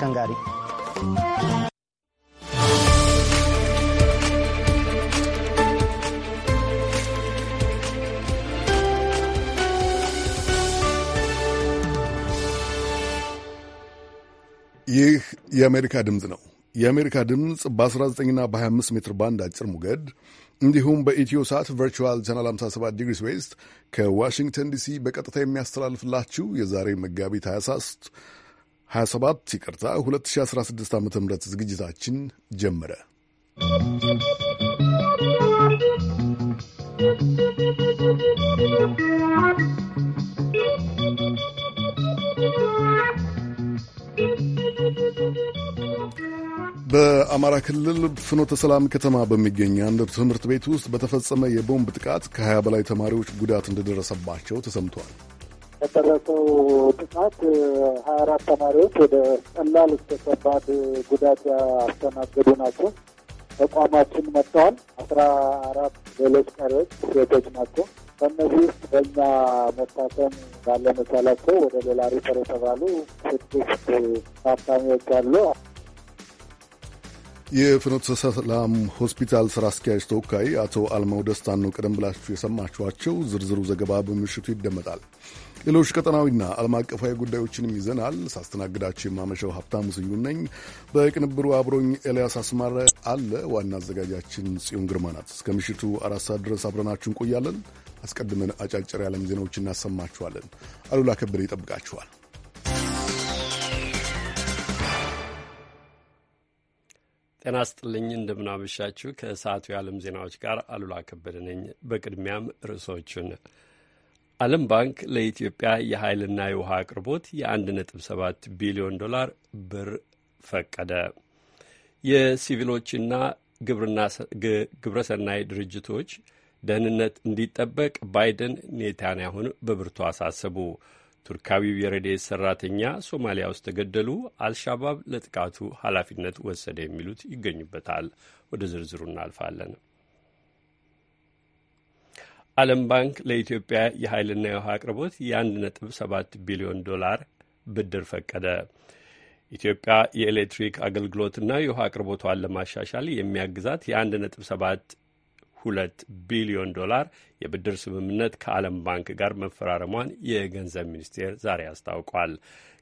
ከንጋሪ ይህ የአሜሪካ ድምፅ ነው። የአሜሪካ ድምፅ በ19ና በ25 ሜትር ባንድ አጭር ሞገድ እንዲሁም በኢትዮ ሳት ቨርቹዋል ቻናል 57 ዲግሪስ ዌስት ከዋሽንግተን ዲሲ በቀጥታ የሚያስተላልፍላችሁ የዛሬ መጋቢት 23 27 ይቅርታ 2016 ዓ ም ዝግጅታችን ጀመረ። በአማራ ክልል ፍኖተ ሰላም ከተማ በሚገኝ አንድ ትምህርት ቤት ውስጥ በተፈጸመ የቦምብ ጥቃት ከ20 በላይ ተማሪዎች ጉዳት እንደደረሰባቸው ተሰምቷል። በደረሰው ጥቃት ሀያ አራት ተማሪዎች ወደ ቀላል እስከ ከባድ ጉዳት ያስተናገዱ ናቸው። ተቋማችን መጥተዋል። አስራ አራት ሌሎች ቀሪዎች ሴቶች ናቸው። ከእነዚህ ውስጥ በእኛ መታከም ባለመቻላቸው ወደ ሌላ ሪፈር የተባሉ ስድስት ታካሚዎች አሉ። የፍኖተ ሰላም ሆስፒታል ስራ አስኪያጅ ተወካይ አቶ አልማው ደስታን ነው ቀደም ብላችሁ የሰማችኋቸው። ዝርዝሩ ዘገባ በምሽቱ ይደመጣል። ሌሎች ቀጠናዊና ዓለም አቀፋዊ ጉዳዮችንም ይዘናል። ሳስተናግዳችሁ የማመሻው ሀብታሙ ስዩም ነኝ። በቅንብሩ አብሮኝ ኤልያስ አስማረ አለ። ዋና አዘጋጃችን ጽዮን ግርማ ናት። እስከ ምሽቱ አራት ሰዓት ድረስ አብረናችሁ እንቆያለን። አስቀድመን አጫጭር የዓለም ዜናዎች እናሰማችኋለን። አሉላ ከበደ ይጠብቃችኋል። ጤና ስጥልኝ፣ እንደምናመሻችሁ። ከሰዓቱ የዓለም ዜናዎች ጋር አሉላ ከበደ ነኝ። በቅድሚያም ርዕሶቹን ዓለም ባንክ ለኢትዮጵያ የኃይልና የውሃ አቅርቦት የ1.7 ቢሊዮን ዶላር ብር ፈቀደ። የሲቪሎችና ግብረሰናይ ድርጅቶች ደህንነት እንዲጠበቅ ባይደን ኔታንያሁን በብርቱ አሳሰቡ። ቱርካዊው የረድኤት ሰራተኛ ሶማሊያ ውስጥ ተገደሉ፣ አልሻባብ ለጥቃቱ ኃላፊነት ወሰደ የሚሉት ይገኙበታል። ወደ ዝርዝሩ እናልፋለን። ዓለም ባንክ ለኢትዮጵያ የኃይልና የውሃ አቅርቦት የአንድ ነጥብ ሰባት ቢሊዮን ዶላር ብድር ፈቀደ። ኢትዮጵያ የኤሌክትሪክ አገልግሎትና የውሃ አቅርቦቷን ለማሻሻል የሚያግዛት የአንድ ነጥብ ሰባት ሁለት ቢሊዮን ዶላር የብድር ስምምነት ከዓለም ባንክ ጋር መፈራረሟን የገንዘብ ሚኒስቴር ዛሬ አስታውቋል።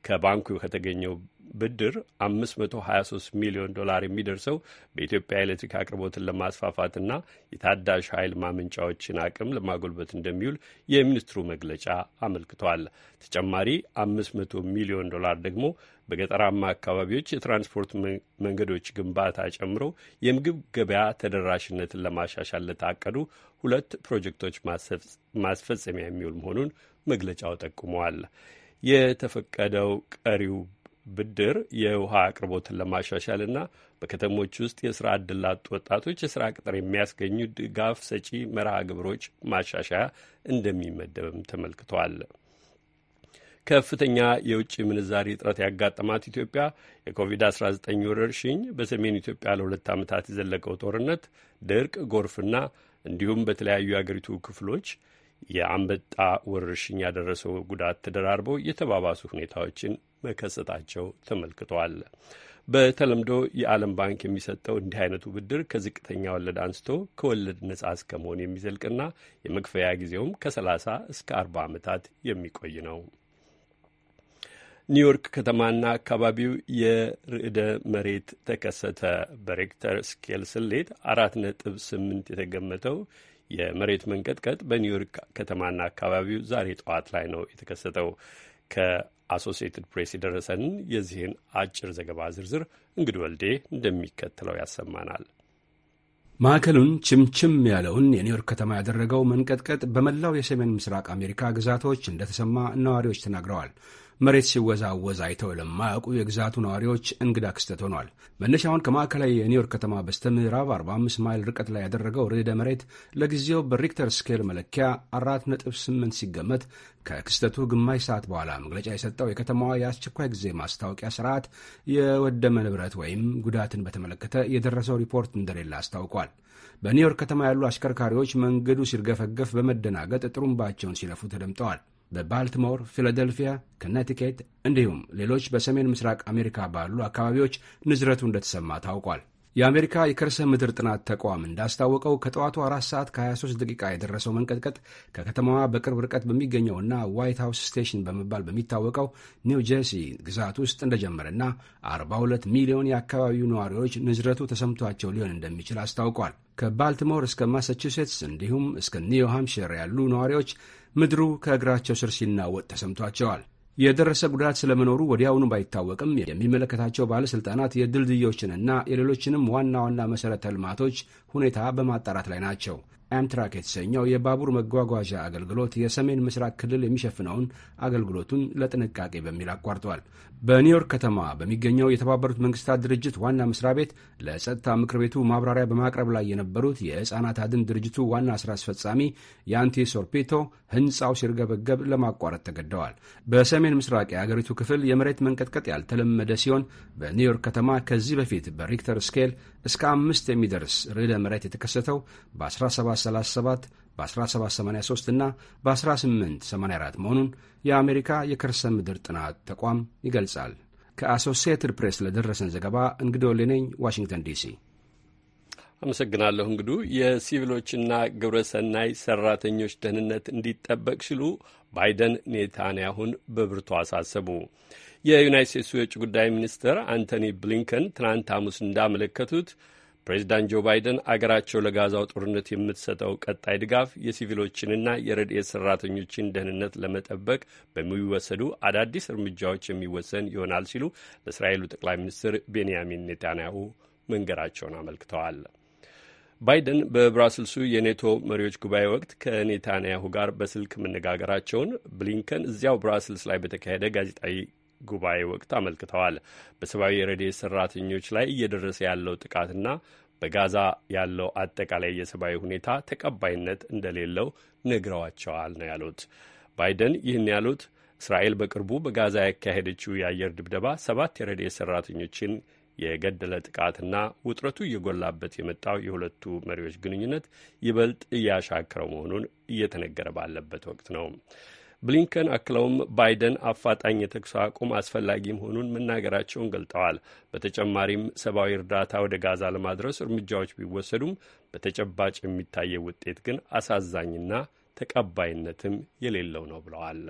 ከባንኩ ከተገኘው ብድር 523 ሚሊዮን ዶላር የሚደርሰው በኢትዮጵያ ኤሌክትሪክ አቅርቦትን ለማስፋፋትና የታዳሽ ኃይል ማመንጫዎችን አቅም ለማጎልበት እንደሚውል የሚኒስትሩ መግለጫ አመልክቷል። ተጨማሪ 500 ሚሊዮን ዶላር ደግሞ በገጠራማ አካባቢዎች የትራንስፖርት መንገዶች ግንባታ ጨምሮ የምግብ ገበያ ተደራሽነትን ለማሻሻል ለታቀዱ ሁለት ፕሮጀክቶች ማስፈጸሚያ የሚውል መሆኑን መግለጫው ጠቁመዋል። የተፈቀደው ቀሪው ብድር የውሃ አቅርቦትን ለማሻሻልና በከተሞች ውስጥ የስራ ዕድል ላጡ ወጣቶች የስራ ቅጥር የሚያስገኙ ድጋፍ ሰጪ መርሃ ግብሮች ማሻሻያ እንደሚመደብም ተመልክተዋል። ከፍተኛ የውጭ ምንዛሪ እጥረት ያጋጠማት ኢትዮጵያ የኮቪድ-19 ወረርሽኝ፣ በሰሜን ኢትዮጵያ ለሁለት ዓመታት የዘለቀው ጦርነት፣ ድርቅ፣ ጎርፍና እንዲሁም በተለያዩ የአገሪቱ ክፍሎች የአንበጣ ወረርሽኝ ያደረሰው ጉዳት ተደራርበው የተባባሱ ሁኔታዎችን መከሰታቸው ተመልክቷል። በተለምዶ የዓለም ባንክ የሚሰጠው እንዲህ አይነቱ ብድር ከዝቅተኛ ወለድ አንስቶ ከወለድ ነጻ እስከ መሆን የሚዘልቅና የመክፈያ ጊዜውም ከ30 እስከ 40 ዓመታት የሚቆይ ነው። ኒውዮርክ ከተማና አካባቢው የርዕደ መሬት ተከሰተ። በሬክተር ስኬል ስሌት አራት ነጥብ ስምንት የተገመተው የመሬት መንቀጥቀጥ በኒውዮርክ ከተማና አካባቢው ዛሬ ጠዋት ላይ ነው የተከሰተው። ከአሶሲኤትድ ፕሬስ የደረሰንን የዚህን አጭር ዘገባ ዝርዝር እንግዲህ ወልዴ እንደሚከተለው ያሰማናል። ማዕከሉን ችምችም ያለውን የኒውዮርክ ከተማ ያደረገው መንቀጥቀጥ በመላው የሰሜን ምስራቅ አሜሪካ ግዛቶች እንደተሰማ ነዋሪዎች ተናግረዋል። መሬት ሲወዛወዝ አይተው ለማያውቁ የግዛቱ ነዋሪዎች እንግዳ ክስተት ሆኗል። መነሻውን ከማዕከላዊ የኒውዮርክ ከተማ በስተ ምዕራብ 45 ማይል ርቀት ላይ ያደረገው ርዕደ መሬት ለጊዜው በሪክተር ስኬል መለኪያ 4.8 ሲገመት ከክስተቱ ግማሽ ሰዓት በኋላ መግለጫ የሰጠው የከተማዋ የአስቸኳይ ጊዜ ማስታወቂያ ስርዓት የወደመ ንብረት ወይም ጉዳትን በተመለከተ የደረሰው ሪፖርት እንደሌለ አስታውቋል። በኒውዮርክ ከተማ ያሉ አሽከርካሪዎች መንገዱ ሲርገፈገፍ በመደናገጥ ጥሩምባቸውን ሲለፉ ተደምጠዋል። በባልቲሞር፣ ፊላደልፊያ፣ ከነቲኬት እንዲሁም ሌሎች በሰሜን ምስራቅ አሜሪካ ባሉ አካባቢዎች ንዝረቱ እንደተሰማ ታውቋል። የአሜሪካ የከርሰ ምድር ጥናት ተቋም እንዳስታወቀው ከጠዋቱ 4 ሰዓት ከ23 ደቂቃ የደረሰው መንቀጥቀጥ ከከተማዋ በቅርብ ርቀት በሚገኘውና ዋይት ሃውስ ስቴሽን በመባል በሚታወቀው ኒው ጀርሲ ግዛት ውስጥ እንደጀመረና 42 ሚሊዮን የአካባቢው ነዋሪዎች ንዝረቱ ተሰምቷቸው ሊሆን እንደሚችል አስታውቋል። ከባልቲሞር እስከ ማሳቹሴትስ እንዲሁም እስከ ኒው ሃምፕሽር ያሉ ነዋሪዎች ምድሩ ከእግራቸው ስር ሲናወጥ ተሰምቷቸዋል። የደረሰ ጉዳት ስለመኖሩ ወዲያውኑ ባይታወቅም የሚመለከታቸው ባለሥልጣናት የድልድዮችንና የሌሎችንም ዋና ዋና መሠረተ ልማቶች ሁኔታ በማጣራት ላይ ናቸው። አምትራክ የተሰኘው የባቡር መጓጓዣ አገልግሎት የሰሜን ምስራቅ ክልል የሚሸፍነውን አገልግሎቱን ለጥንቃቄ በሚል አቋርጧል። በኒውዮርክ ከተማ በሚገኘው የተባበሩት መንግስታት ድርጅት ዋና መስሪያ ቤት ለጸጥታ ምክር ቤቱ ማብራሪያ በማቅረብ ላይ የነበሩት የሕፃናት አድን ድርጅቱ ዋና ስራ አስፈጻሚ የአንቲ ሶርፔቶ ህንፃው ሲርገበገብ ለማቋረጥ ተገደዋል። በሰሜን ምስራቅ የአገሪቱ ክፍል የመሬት መንቀጥቀጥ ያልተለመደ ሲሆን በኒውዮርክ ከተማ ከዚህ በፊት በሪክተር ስኬል እስከ አምስት የሚደርስ ርዕደ መሬት የተከሰተው በ17 በ1737 በ1783 እና በ1884 መሆኑን የአሜሪካ የከርሰ ምድር ጥናት ተቋም ይገልጻል። ከአሶሲየትድ ፕሬስ ለደረሰን ዘገባ እንግዶ ሌነኝ ዋሽንግተን ዲሲ አመሰግናለሁ። እንግዱ የሲቪሎችና ግብረሰናይ ሰራተኞች ደህንነት እንዲጠበቅ ሲሉ ባይደን ኔታንያሁን በብርቱ አሳሰቡ። የዩናይት ስቴትሱ የውጭ ጉዳይ ሚኒስትር አንቶኒ ብሊንከን ትናንት ሐሙስ እንዳመለከቱት ፕሬዚዳንት ጆ ባይደን አገራቸው ለጋዛው ጦርነት የምትሰጠው ቀጣይ ድጋፍ የሲቪሎችንና የረድኤት ሰራተኞችን ደህንነት ለመጠበቅ በሚወሰዱ አዳዲስ እርምጃዎች የሚወሰን ይሆናል ሲሉ ለእስራኤሉ ጠቅላይ ሚኒስትር ቤንያሚን ኔታንያሁ መንገራቸውን አመልክተዋል። ባይደን በብራስልሱ የኔቶ መሪዎች ጉባኤ ወቅት ከኔታንያሁ ጋር በስልክ መነጋገራቸውን ብሊንከን እዚያው ብራስልስ ላይ በተካሄደ ጋዜጣዊ ጉባኤ ወቅት አመልክተዋል። በሰብአዊ ረድኤት ሰራተኞች ላይ እየደረሰ ያለው ጥቃትና በጋዛ ያለው አጠቃላይ የሰብአዊ ሁኔታ ተቀባይነት እንደሌለው ነግረዋቸዋል ነው ያሉት። ባይደን ይህን ያሉት እስራኤል በቅርቡ በጋዛ ያካሄደችው የአየር ድብደባ ሰባት የረድኤት ሰራተኞችን የገደለ ጥቃትና ውጥረቱ እየጎላበት የመጣው የሁለቱ መሪዎች ግንኙነት ይበልጥ እያሻከረው መሆኑን እየተነገረ ባለበት ወቅት ነው። ብሊንከን አክለውም ባይደን አፋጣኝ የተኩስ አቁም አስፈላጊ መሆኑን መናገራቸውን ገልጠዋል። በተጨማሪም ሰብአዊ እርዳታ ወደ ጋዛ ለማድረስ እርምጃዎች ቢወሰዱም በተጨባጭ የሚታየው ውጤት ግን አሳዛኝና ተቀባይነትም የሌለው ነው ብለዋል።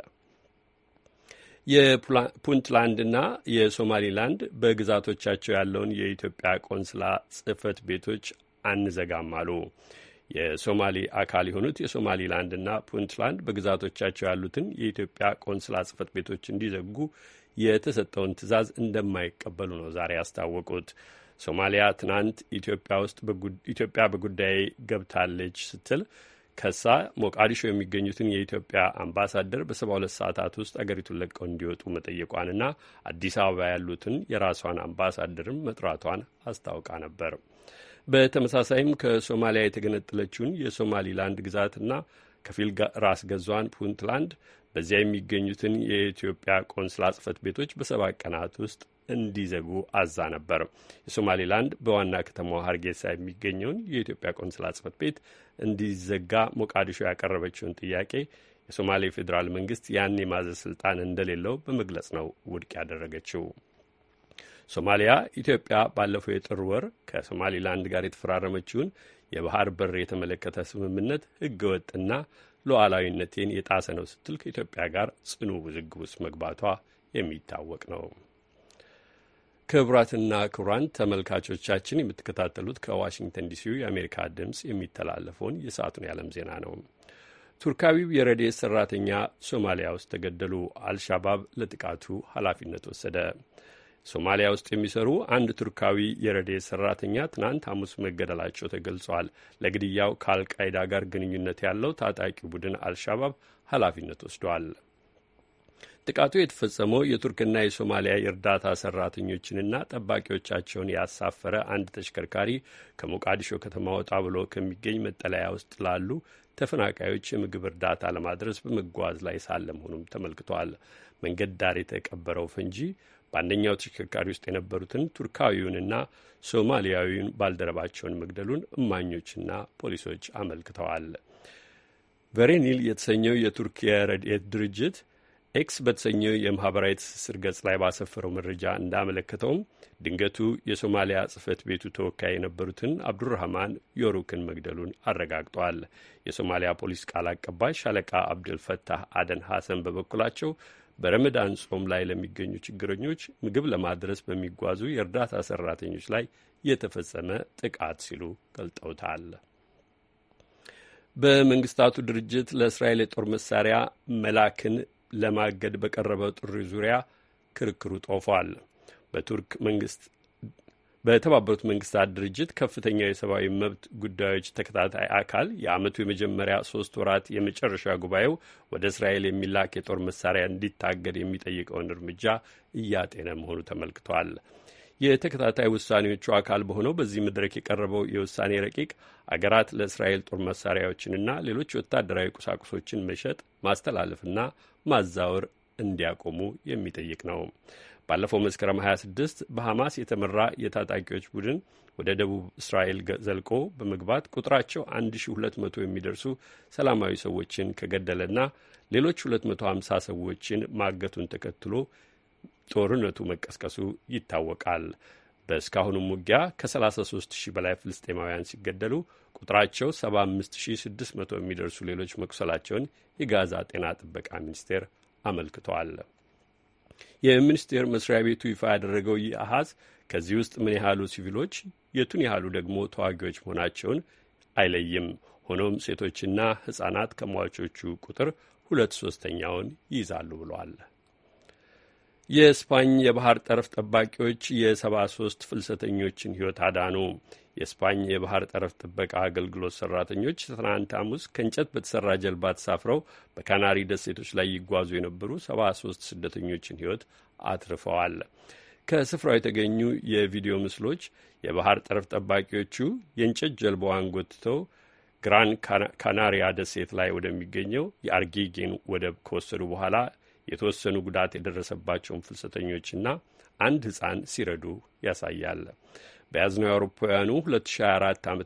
የፑንትላንድና የሶማሊላንድ በግዛቶቻቸው ያለውን የኢትዮጵያ ቆንስላ ጽህፈት ቤቶች አንዘጋም አሉ። የሶማሌ አካል የሆኑት የሶማሊላንድና ፑንትላንድ በግዛቶቻቸው ያሉትን የኢትዮጵያ ቆንስላ ጽህፈት ቤቶች እንዲዘጉ የተሰጠውን ትዕዛዝ እንደማይቀበሉ ነው ዛሬ ያስታወቁት። ሶማሊያ ትናንት ኢትዮጵያ ውስጥ ኢትዮጵያ በጉዳይ ገብታለች ስትል ከሳ ሞቃዲሾ የሚገኙትን የኢትዮጵያ አምባሳደር በሰባ ሁለት ሰዓታት ውስጥ አገሪቱን ለቀው እንዲወጡ መጠየቋንና አዲስ አበባ ያሉትን የራሷን አምባሳደርም መጥራቷን አስታውቃ ነበር። በተመሳሳይም ከሶማሊያ የተገነጠለችውን የሶማሊላንድ ግዛትና ከፊል ራስ ገዟን ፑንትላንድ በዚያ የሚገኙትን የኢትዮጵያ ቆንስላ ጽሕፈት ቤቶች በሰባት ቀናት ውስጥ እንዲዘጉ አዛ ነበር። የሶማሊላንድ በዋና ከተማዋ ሀርጌሳ የሚገኘውን የኢትዮጵያ ቆንስላ ጽፈት ቤት እንዲዘጋ ሞቃዲሾ ያቀረበችውን ጥያቄ የሶማሌ ፌዴራል መንግስት ያን የማዘዝ ስልጣን እንደሌለው በመግለጽ ነው ውድቅ ያደረገችው። ሶማሊያ ኢትዮጵያ ባለፈው የጥር ወር ከሶማሊላንድ ጋር የተፈራረመችውን የባህር በር የተመለከተ ስምምነት ህገወጥና ሉዓላዊነቴን የጣሰ ነው ስትል ከኢትዮጵያ ጋር ጽኑ ውዝግብ ውስጥ መግባቷ የሚታወቅ ነው። ክቡራትና ክቡራን ተመልካቾቻችን የምትከታተሉት ከዋሽንግተን ዲሲው የአሜሪካ ድምፅ የሚተላለፈውን የሰዓቱን የዓለም ዜና ነው። ቱርካዊው የረድኤት ሰራተኛ ሶማሊያ ውስጥ ተገደሉ። አልሻባብ ለጥቃቱ ኃላፊነት ወሰደ። ሶማሊያ ውስጥ የሚሰሩ አንድ ቱርካዊ የረዴ ሰራተኛ ትናንት ሐሙስ መገደላቸው ተገልጿል። ለግድያው ከአልቃይዳ ጋር ግንኙነት ያለው ታጣቂ ቡድን አልሻባብ ኃላፊነት ወስዷል። ጥቃቱ የተፈጸመው የቱርክና የሶማሊያ የእርዳታ ሰራተኞችንና ጠባቂዎቻቸውን ያሳፈረ አንድ ተሽከርካሪ ከሞቃዲሾ ከተማ ወጣ ብሎ ከሚገኝ መጠለያ ውስጥ ላሉ ተፈናቃዮች የምግብ እርዳታ ለማድረስ በመጓዝ ላይ ሳለ መሆኑም ተመልክቷል። መንገድ ዳር የተቀበረው ፈንጂ በአንደኛው ተሽከርካሪ ውስጥ የነበሩትን ቱርካዊውንና ሶማሊያዊውን ባልደረባቸውን መግደሉን እማኞችና ፖሊሶች አመልክተዋል። ቨሬኒል የተሰኘው የቱርክ የረድኤት ድርጅት ኤክስ በተሰኘው የማህበራዊ ትስስር ገጽ ላይ ባሰፈረው መረጃ እንዳመለከተውም ድንገቱ የሶማሊያ ጽህፈት ቤቱ ተወካይ የነበሩትን አብዱራህማን ዮሩክን መግደሉን አረጋግጧል። የሶማሊያ ፖሊስ ቃል አቀባይ ሻለቃ አብደልፈታህ አደን ሐሰን በበኩላቸው በረመዳን ጾም ላይ ለሚገኙ ችግረኞች ምግብ ለማድረስ በሚጓዙ የእርዳታ ሰራተኞች ላይ የተፈጸመ ጥቃት ሲሉ ገልጠውታል። በመንግስታቱ ድርጅት ለእስራኤል የጦር መሳሪያ መላክን ለማገድ በቀረበው ጥሪ ዙሪያ ክርክሩ ጦፏል። በቱርክ መንግስት በተባበሩት መንግስታት ድርጅት ከፍተኛ የሰብአዊ መብት ጉዳዮች ተከታታይ አካል የአመቱ የመጀመሪያ ሶስት ወራት የመጨረሻ ጉባኤው ወደ እስራኤል የሚላክ የጦር መሳሪያ እንዲታገድ የሚጠይቀውን እርምጃ እያጤነ መሆኑ ተመልክቷል። የተከታታይ ውሳኔዎቹ አካል በሆነው በዚህ መድረክ የቀረበው የውሳኔ ረቂቅ አገራት ለእስራኤል ጦር መሳሪያዎችንና ሌሎች ወታደራዊ ቁሳቁሶችን መሸጥ ማስተላለፍና ማዛወር እንዲያቆሙ የሚጠይቅ ነው። ባለፈው መስከረም 26 በሐማስ የተመራ የታጣቂዎች ቡድን ወደ ደቡብ እስራኤል ዘልቆ በመግባት ቁጥራቸው 1200 የሚደርሱ ሰላማዊ ሰዎችን ከገደለና ሌሎች 250 ሰዎችን ማገቱን ተከትሎ ጦርነቱ መቀስቀሱ ይታወቃል። በእስካሁኑም ውጊያ ከ33 ሺህ በላይ ፍልስጤማውያን ሲገደሉ ቁጥራቸው 75600 የሚደርሱ ሌሎች መቁሰላቸውን የጋዛ ጤና ጥበቃ ሚኒስቴር አመልክቷል። የሚኒስቴር መስሪያ ቤቱ ይፋ ያደረገው ይህ አሀዝ ከዚህ ውስጥ ምን ያህሉ ሲቪሎች፣ የቱን ያህሉ ደግሞ ተዋጊዎች መሆናቸውን አይለይም። ሆኖም ሴቶችና ህጻናት ከሟቾቹ ቁጥር ሁለት ሶስተኛውን ይይዛሉ ብለዋል። የስፓኝ የባህር ጠረፍ ጠባቂዎች የሰባ ሶስት ፍልሰተኞችን ሕይወት አዳኑ። የስፓኝ የባህር ጠረፍ ጥበቃ አገልግሎት ሰራተኞች ትናንት ሐሙስ ከእንጨት በተሰራ ጀልባ ተሳፍረው በካናሪ ደሴቶች ላይ ይጓዙ የነበሩ ሰባ ሶስት ስደተኞችን ሕይወት አትርፈዋል። ከስፍራው የተገኙ የቪዲዮ ምስሎች የባህር ጠረፍ ጠባቂዎቹ የእንጨት ጀልባዋን ጎትተው ግራን ካናሪያ ደሴት ላይ ወደሚገኘው የአርጌጌን ወደብ ከወሰዱ በኋላ የተወሰኑ ጉዳት የደረሰባቸውን ፍልሰተኞችና አንድ ሕፃን ሲረዱ ያሳያል። በያዝነው የአውሮፓውያኑ 2024 ዓ ም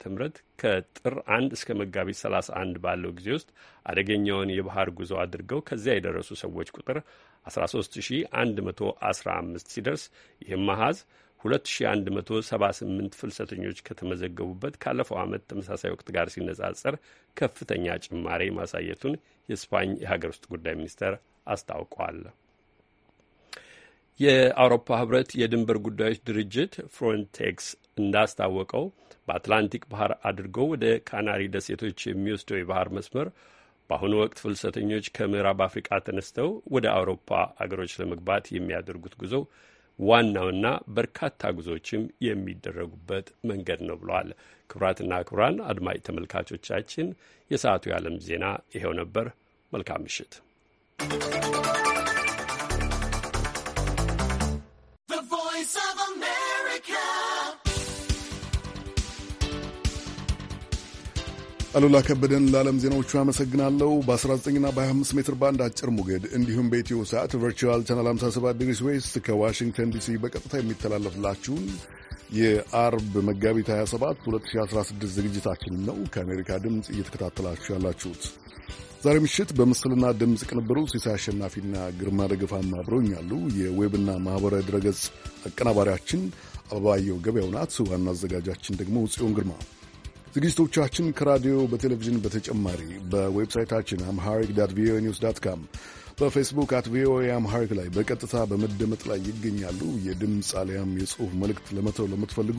ከጥር 1 እስከ መጋቢት 31 ባለው ጊዜ ውስጥ አደገኛውን የባህር ጉዞ አድርገው ከዚያ የደረሱ ሰዎች ቁጥር 13115 ሲደርስ ይህም መሐዝ 2178 ፍልሰተኞች ከተመዘገቡበት ካለፈው ዓመት ተመሳሳይ ወቅት ጋር ሲነጻጸር ከፍተኛ ጭማሬ ማሳየቱን የስፓኝ የሀገር ውስጥ ጉዳይ ሚኒስቴር አስታውቋል። የአውሮፓ ህብረት የድንበር ጉዳዮች ድርጅት ፍሮንቴክስ እንዳስታወቀው በአትላንቲክ ባህር አድርጎ ወደ ካናሪ ደሴቶች የሚወስደው የባህር መስመር በአሁኑ ወቅት ፍልሰተኞች ከምዕራብ አፍሪቃ ተነስተው ወደ አውሮፓ አገሮች ለመግባት የሚያደርጉት ጉዞ ዋናውና በርካታ ጉዞዎችም የሚደረጉበት መንገድ ነው ብለዋል። ክቡራትና ክቡራን አድማጭ ተመልካቾቻችን የሰዓቱ የዓለም ዜና ይኸው ነበር። መልካም ምሽት። አሉላ ከበደን ለዓለም ዜናዎቹ አመሰግናለሁ። በ19ና በ25 ሜትር ባንድ አጭር ሞገድ እንዲሁም በኢትዮ ሰዓት ቨርቹዋል ቻናል 57 ዲግሪስ ዌስት ከዋሽንግተን ዲሲ በቀጥታ የሚተላለፍላችሁን የአርብ መጋቢት 27 2016 ዝግጅታችን ነው ከአሜሪካ ድምፅ እየተከታተላችሁ ያላችሁት። ዛሬ ምሽት በምስልና ድምፅ ቅንብሩ ሲሳይ አሸናፊና ግርማ ደገፋም አብረውኛሉ። የዌብና ማኅበራዊ ድረገጽ አቀናባሪያችን አበባየው ገበያው ናት። ዋና አዘጋጃችን ደግሞ ጽዮን ግርማ። ዝግጅቶቻችን ከራዲዮ በቴሌቪዥን በተጨማሪ በዌብሳይታችን አምሃሪክ ዳት ቪኦኤ ኒውስ ዳት ካም በፌስቡክ አት ቪኦኤ አምሃሪክ ላይ በቀጥታ በመደመጥ ላይ ይገኛሉ። የድምፅ አሊያም የጽሑፍ መልእክት ለመተው ለምትፈልጉ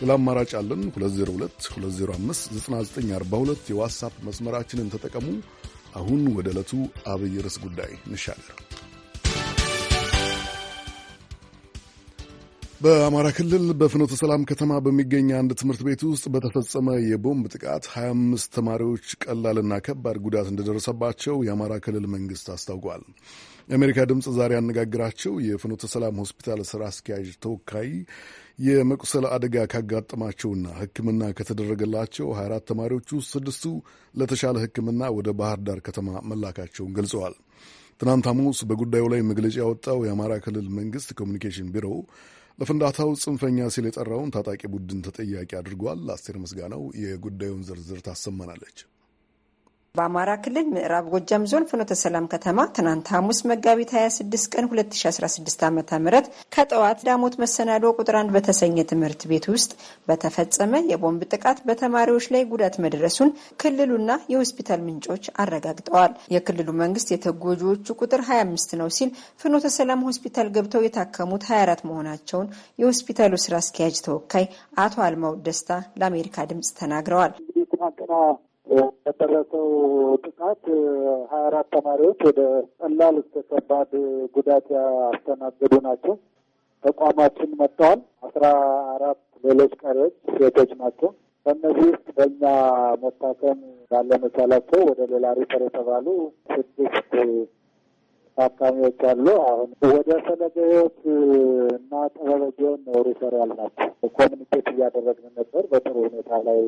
ሌላ አማራጭ አለን። 2022059942 የዋትሳፕ መስመራችንን ተጠቀሙ። አሁን ወደ ዕለቱ አብይ ርዕስ ጉዳይ እንሻገር። በአማራ ክልል በፍኖተ ሰላም ከተማ በሚገኝ አንድ ትምህርት ቤት ውስጥ በተፈጸመ የቦምብ ጥቃት 25 ተማሪዎች ቀላልና ከባድ ጉዳት እንደደረሰባቸው የአማራ ክልል መንግስት አስታውቋል። የአሜሪካ ድምፅ ዛሬ ያነጋግራቸው የፍኖተ ሰላም ሆስፒታል ስራ አስኪያጅ ተወካይ የመቁሰል አደጋ ካጋጠማቸውና ሕክምና ከተደረገላቸው 24 ተማሪዎች ውስጥ ስድስቱ ለተሻለ ሕክምና ወደ ባህር ዳር ከተማ መላካቸውን ገልጸዋል። ትናንት ሐሙስ በጉዳዩ ላይ መግለጫ ያወጣው የአማራ ክልል መንግስት ኮሚኒኬሽን ቢሮ ለፍንዳታው ጽንፈኛ ሲል የጠራውን ታጣቂ ቡድን ተጠያቂ አድርጓል። አስቴር ምስጋናው የጉዳዩን ዝርዝር ታሰማናለች። በአማራ ክልል ምዕራብ ጎጃም ዞን ፍኖተ ሰላም ከተማ ትናንት ሐሙስ መጋቢት 26 ቀን 2016 ዓ ም ከጠዋት ዳሞት መሰናዶ ቁጥር አንድ በተሰኘ ትምህርት ቤት ውስጥ በተፈጸመ የቦምብ ጥቃት በተማሪዎች ላይ ጉዳት መድረሱን ክልሉና የሆስፒታል ምንጮች አረጋግጠዋል። የክልሉ መንግስት የተጎጂዎቹ ቁጥር 25 ነው ሲል፣ ፍኖተ ሰላም ሆስፒታል ገብተው የታከሙት 24 መሆናቸውን የሆስፒታሉ ስራ አስኪያጅ ተወካይ አቶ አልማው ደስታ ለአሜሪካ ድምፅ ተናግረዋል። በደረሰው ጥቃት ሀያ አራት ተማሪዎች ወደ ቀላል እስከ ከባድ ጉዳት ያስተናገዱ ናቸው። ተቋማችን መጥተዋል። አስራ አራት ሌሎች ቀሪዎች ሴቶች ናቸው። በእነዚህ ውስጥ በእኛ መታከም ባለመቻላቸው ወደ ሌላ ሪፈር የተባሉ ስድስት ታካሚዎች አሉ። አሁን ወደ ፈለገ ሕይወት እና ጠበበጊዮን ሪፈራል ናቸው። ኮሚኒኬት እያደረግን ነበር። በጥሩ ሁኔታ ላይ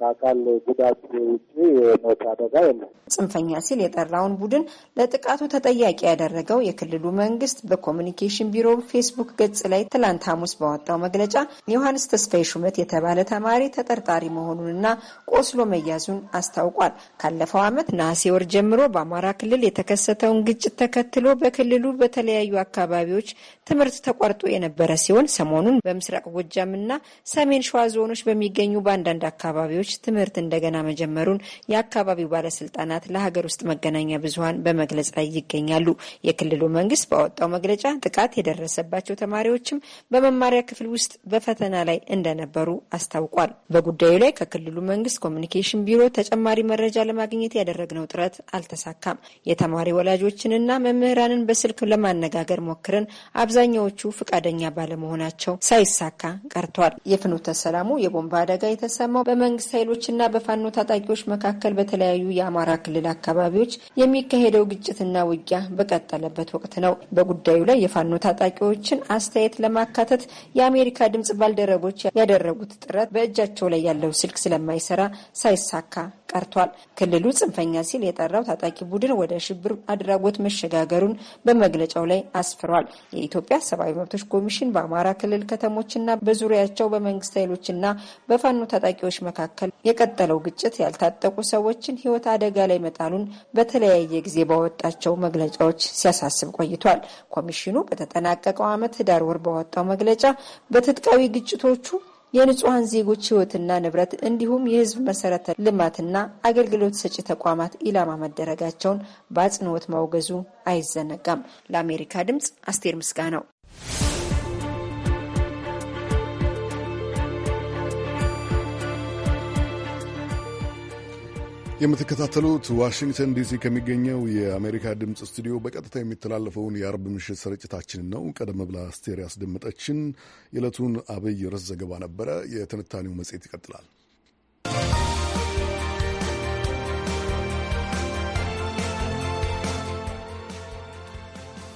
ከአካል ጉዳት ውጭ የሞት አደጋ የለም። ጽንፈኛ ሲል የጠራውን ቡድን ለጥቃቱ ተጠያቂ ያደረገው የክልሉ መንግስት በኮሚኒኬሽን ቢሮ ፌስቡክ ገጽ ላይ ትላንት ሐሙስ ባወጣው መግለጫ ዮሐንስ ተስፋዬ ሹመት የተባለ ተማሪ ተጠርጣሪ መሆኑንና ቆስሎ መያዙን አስታውቋል። ካለፈው ዓመት ነሐሴ ወር ጀምሮ በአማራ ክልል የተከሰተውን ግጭ ግጭት ተከትሎ በክልሉ በተለያዩ አካባቢዎች ትምህርት ተቋርጦ የነበረ ሲሆን ሰሞኑን በምስራቅ ጎጃምና ሰሜን ሸዋ ዞኖች በሚገኙ በአንዳንድ አካባቢዎች ትምህርት እንደገና መጀመሩን የአካባቢው ባለስልጣናት ለሀገር ውስጥ መገናኛ ብዙኃን በመግለጽ ላይ ይገኛሉ። የክልሉ መንግስት ባወጣው መግለጫ ጥቃት የደረሰባቸው ተማሪዎችም በመማሪያ ክፍል ውስጥ በፈተና ላይ እንደነበሩ አስታውቋል። በጉዳዩ ላይ ከክልሉ መንግስት ኮሚኒኬሽን ቢሮ ተጨማሪ መረጃ ለማግኘት ያደረግነው ጥረት አልተሳካም። የተማሪ ወላጆችን ወላጆችንና መምህራንን በስልክ ለማነጋገር ሞክረን አብዛኛዎቹ ፈቃደኛ ባለመሆናቸው ሳይሳካ ቀርቷል። የፍኖተ ሰላሙ የቦምብ አደጋ የተሰማው በመንግስት ኃይሎችና በፋኖ ታጣቂዎች መካከል በተለያዩ የአማራ ክልል አካባቢዎች የሚካሄደው ግጭትና ውጊያ በቀጠለበት ወቅት ነው። በጉዳዩ ላይ የፋኖ ታጣቂዎችን አስተያየት ለማካተት የአሜሪካ ድምጽ ባልደረቦች ያደረጉት ጥረት በእጃቸው ላይ ያለው ስልክ ስለማይሰራ ሳይሳካ ቀርቷል። ክልሉ ጽንፈኛ ሲል የጠራው ታጣቂ ቡድን ወደ ሽብር አድራጎት መሸጋገሩን በመግለጫው ላይ አስፍሯል። የኢትዮጵያ ሰብአዊ መብቶች ኮሚሽን በአማራ ክልል ከተሞችና በዙሪያቸው በመንግስት ኃይሎችና በፋኖ ታጣቂዎች መካከል የቀጠለው ግጭት ያልታጠቁ ሰዎችን ሕይወት አደጋ ላይ መጣሉን በተለያየ ጊዜ ባወጣቸው መግለጫዎች ሲያሳስብ ቆይቷል። ኮሚሽኑ በተጠናቀቀው ዓመት ህዳር ወር ባወጣው መግለጫ በትጥቃዊ ግጭቶቹ የንጹሐን ዜጎች ህይወትና ንብረት እንዲሁም የህዝብ መሰረተ ልማትና አገልግሎት ሰጪ ተቋማት ኢላማ መደረጋቸውን በአጽንኦት ማውገዙ አይዘነጋም። ለአሜሪካ ድምፅ አስቴር ምስጋ ነው። የምትከታተሉት ዋሽንግተን ዲሲ ከሚገኘው የአሜሪካ ድምፅ ስቱዲዮ በቀጥታ የሚተላለፈውን የአርብ ምሽት ስርጭታችንን ነው። ቀደም ብላ አስቴር ያስደመጠችን የዕለቱን አብይ ርዕስ ዘገባ ነበረ። የትንታኔው መጽሔት ይቀጥላል።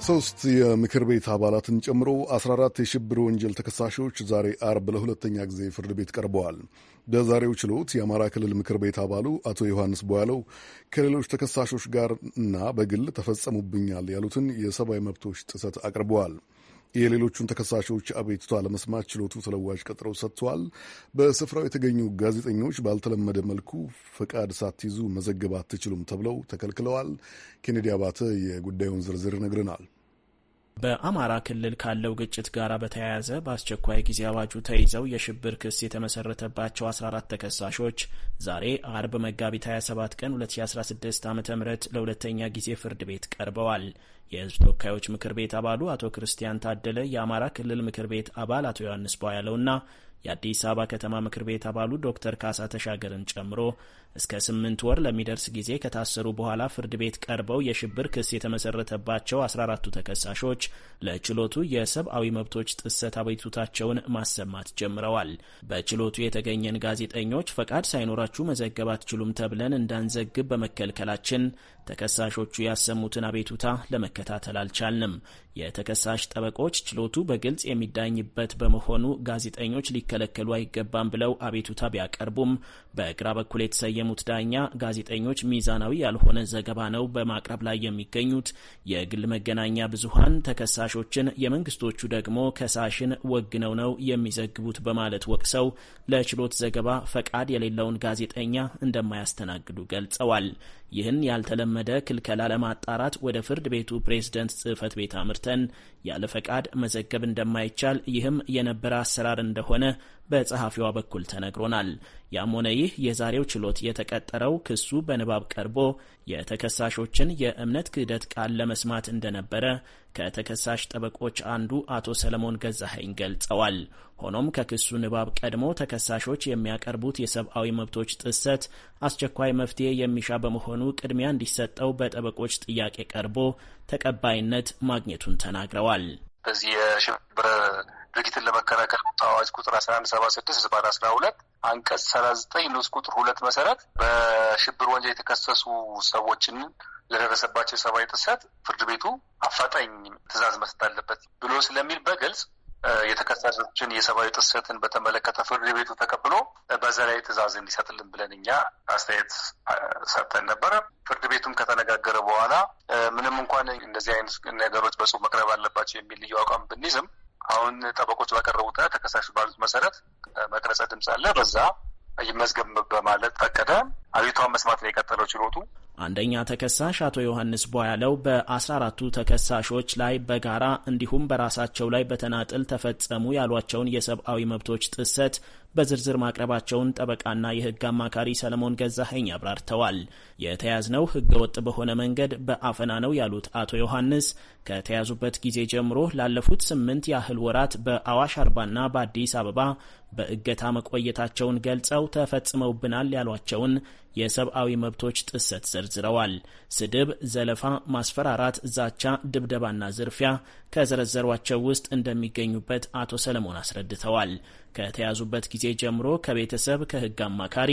ሶስት የምክር ቤት አባላትን ጨምሮ 14 የሽብር ወንጀል ተከሳሾች ዛሬ አርብ ለሁለተኛ ጊዜ ፍርድ ቤት ቀርበዋል። በዛሬው ችሎት የአማራ ክልል ምክር ቤት አባሉ አቶ ዮሐንስ ቦያለው ከሌሎች ተከሳሾች ጋር እና በግል ተፈጸሙብኛል ያሉትን የሰብአዊ መብቶች ጥሰት አቅርበዋል። የሌሎቹን ተከሳሾች አቤቱታ ለመስማት ችሎቱ ተለዋጭ ቀጠሮ ሰጥቷል። በስፍራው የተገኙ ጋዜጠኞች ባልተለመደ መልኩ ፈቃድ ሳትይዙ መዘገብ አትችሉም ተብለው ተከልክለዋል። ኬኔዲ አባተ የጉዳዩን ዝርዝር ይነግረናል። በአማራ ክልል ካለው ግጭት ጋር በተያያዘ በአስቸኳይ ጊዜ አዋጁ ተይዘው የሽብር ክስ የተመሰረተባቸው 14 ተከሳሾች ዛሬ አርብ መጋቢት 27 ቀን 2016 ዓ ም ለሁለተኛ ጊዜ ፍርድ ቤት ቀርበዋል። የህዝብ ተወካዮች ምክር ቤት አባሉ አቶ ክርስቲያን ታደለ፣ የአማራ ክልል ምክር ቤት አባል አቶ ዮሐንስ ቧያለውና የአዲስ አበባ ከተማ ምክር ቤት አባሉ ዶክተር ካሳ ተሻገርን ጨምሮ እስከ ስምንት ወር ለሚደርስ ጊዜ ከታሰሩ በኋላ ፍርድ ቤት ቀርበው የሽብር ክስ የተመሰረተባቸው 14ቱ ተከሳሾች ለችሎቱ የሰብአዊ መብቶች ጥሰት አቤቱታቸውን ማሰማት ጀምረዋል። በችሎቱ የተገኘን ጋዜጠኞች ፈቃድ ሳይኖራችሁ መዘገብ አትችሉም ተብለን እንዳንዘግብ በመከልከላችን ተከሳሾቹ ያሰሙትን አቤቱታ ለመከታተል አልቻልንም። የተከሳሽ ጠበቆች ችሎቱ በግልጽ የሚዳኝበት በመሆኑ ጋዜጠኞች ሊከለከሉ አይገባም ብለው አቤቱታ ቢያቀርቡም በግራ በኩል የተሰየ የሰየሙት ዳኛ ጋዜጠኞች ሚዛናዊ ያልሆነ ዘገባ ነው በማቅረብ ላይ የሚገኙት፣ የግል መገናኛ ብዙሃን ተከሳሾችን፣ የመንግስቶቹ ደግሞ ከሳሽን ወግነው ነው የሚዘግቡት በማለት ወቅሰው ለችሎት ዘገባ ፈቃድ የሌለውን ጋዜጠኛ እንደማያስተናግዱ ገልጸዋል። ይህን ያልተለመደ ክልከላ ለማጣራት ወደ ፍርድ ቤቱ ፕሬዝደንት ጽህፈት ቤት አምርተን ያለ ፈቃድ መዘገብ እንደማይቻል ይህም የነበረ አሰራር እንደሆነ በጸሐፊዋ በኩል ተነግሮናል። ያም ሆነ ይህ የዛሬው ችሎት የተቀጠረው ክሱ በንባብ ቀርቦ የተከሳሾችን የእምነት ክህደት ቃል ለመስማት እንደነበረ ከተከሳሽ ጠበቆች አንዱ አቶ ሰለሞን ገዛኸኝ ገልጸዋል። ሆኖም ከክሱ ንባብ ቀድሞ ተከሳሾች የሚያቀርቡት የሰብአዊ መብቶች ጥሰት አስቸኳይ መፍትሄ የሚሻ በመሆኑ ቅድሚያ እንዲሰጠው በጠበቆች ጥያቄ ቀርቦ ተቀባይነት ማግኘቱን ተናግረዋል። በዚህ የሽብር ድርጊትን ለመከላከል አዋጅ ቁጥር አስራ አንድ ሰባ ስድስት ዝባን አስራ ሁለት አንቀጽ ሰላሳ ዘጠኝ ንዑስ ቁጥር ሁለት መሰረት በሽብር ወንጀል የተከሰሱ ሰዎችን ለደረሰባቸው የሰብአዊ ጥሰት ፍርድ ቤቱ አፋጣኝ ትእዛዝ መስጠት አለበት ብሎ ስለሚል በግልጽ የተከሳሾችን የሰብአዊ ጥሰትን በተመለከተ ፍርድ ቤቱ ተቀብሎ በዛ ላይ ትእዛዝ እንዲሰጥልን ብለን እኛ አስተያየት ሰጥተን ነበረ። ፍርድ ቤቱም ከተነጋገረ በኋላ ምንም እንኳን እንደዚህ አይነት ነገሮች በጽሁፍ መቅረብ አለባቸው የሚል ልዩ አቋም ብንይዝም አሁን ጠበቆች ባቀረቡት ተከሳሽ ባሉት መሰረት መቅረጸ ድምፅ አለ፣ በዛ ይመዝገብ በማለት ፈቀደ። አቤቷን መስማት ነው የቀጠለው ችሎቱ። አንደኛ ተከሳሽ አቶ ዮሐንስ ቧያለው በ14ቱ ተከሳሾች ላይ በጋራ እንዲሁም በራሳቸው ላይ በተናጥል ተፈጸሙ ያሏቸውን የሰብአዊ መብቶች ጥሰት በዝርዝር ማቅረባቸውን ጠበቃና የሕግ አማካሪ ሰለሞን ገዛኸኝ አብራርተዋል። የተያዝነው ወጥ በሆነ መንገድ በአፈና ነው ያሉት አቶ ዮሐንስ ከተያዙበት ጊዜ ጀምሮ ላለፉት ስምንት ያህል ወራት በአዋሽ አርባና በአዲስ አበባ በእገታ መቆየታቸውን ገልጸው ተፈጽመውብናል ያሏቸውን የሰብአዊ መብቶች ጥሰት ዘርዝረዋል። ስድብ፣ ዘለፋ፣ ማስፈራራት፣ ዛቻ፣ ድብደባና ዝርፊያ ከዘረዘሯቸው ውስጥ እንደሚገኙበት አቶ ሰለሞን አስረድተዋል። ከተያዙበት ጊዜ ጀምሮ ከቤተሰብ፣ ከህግ አማካሪ፣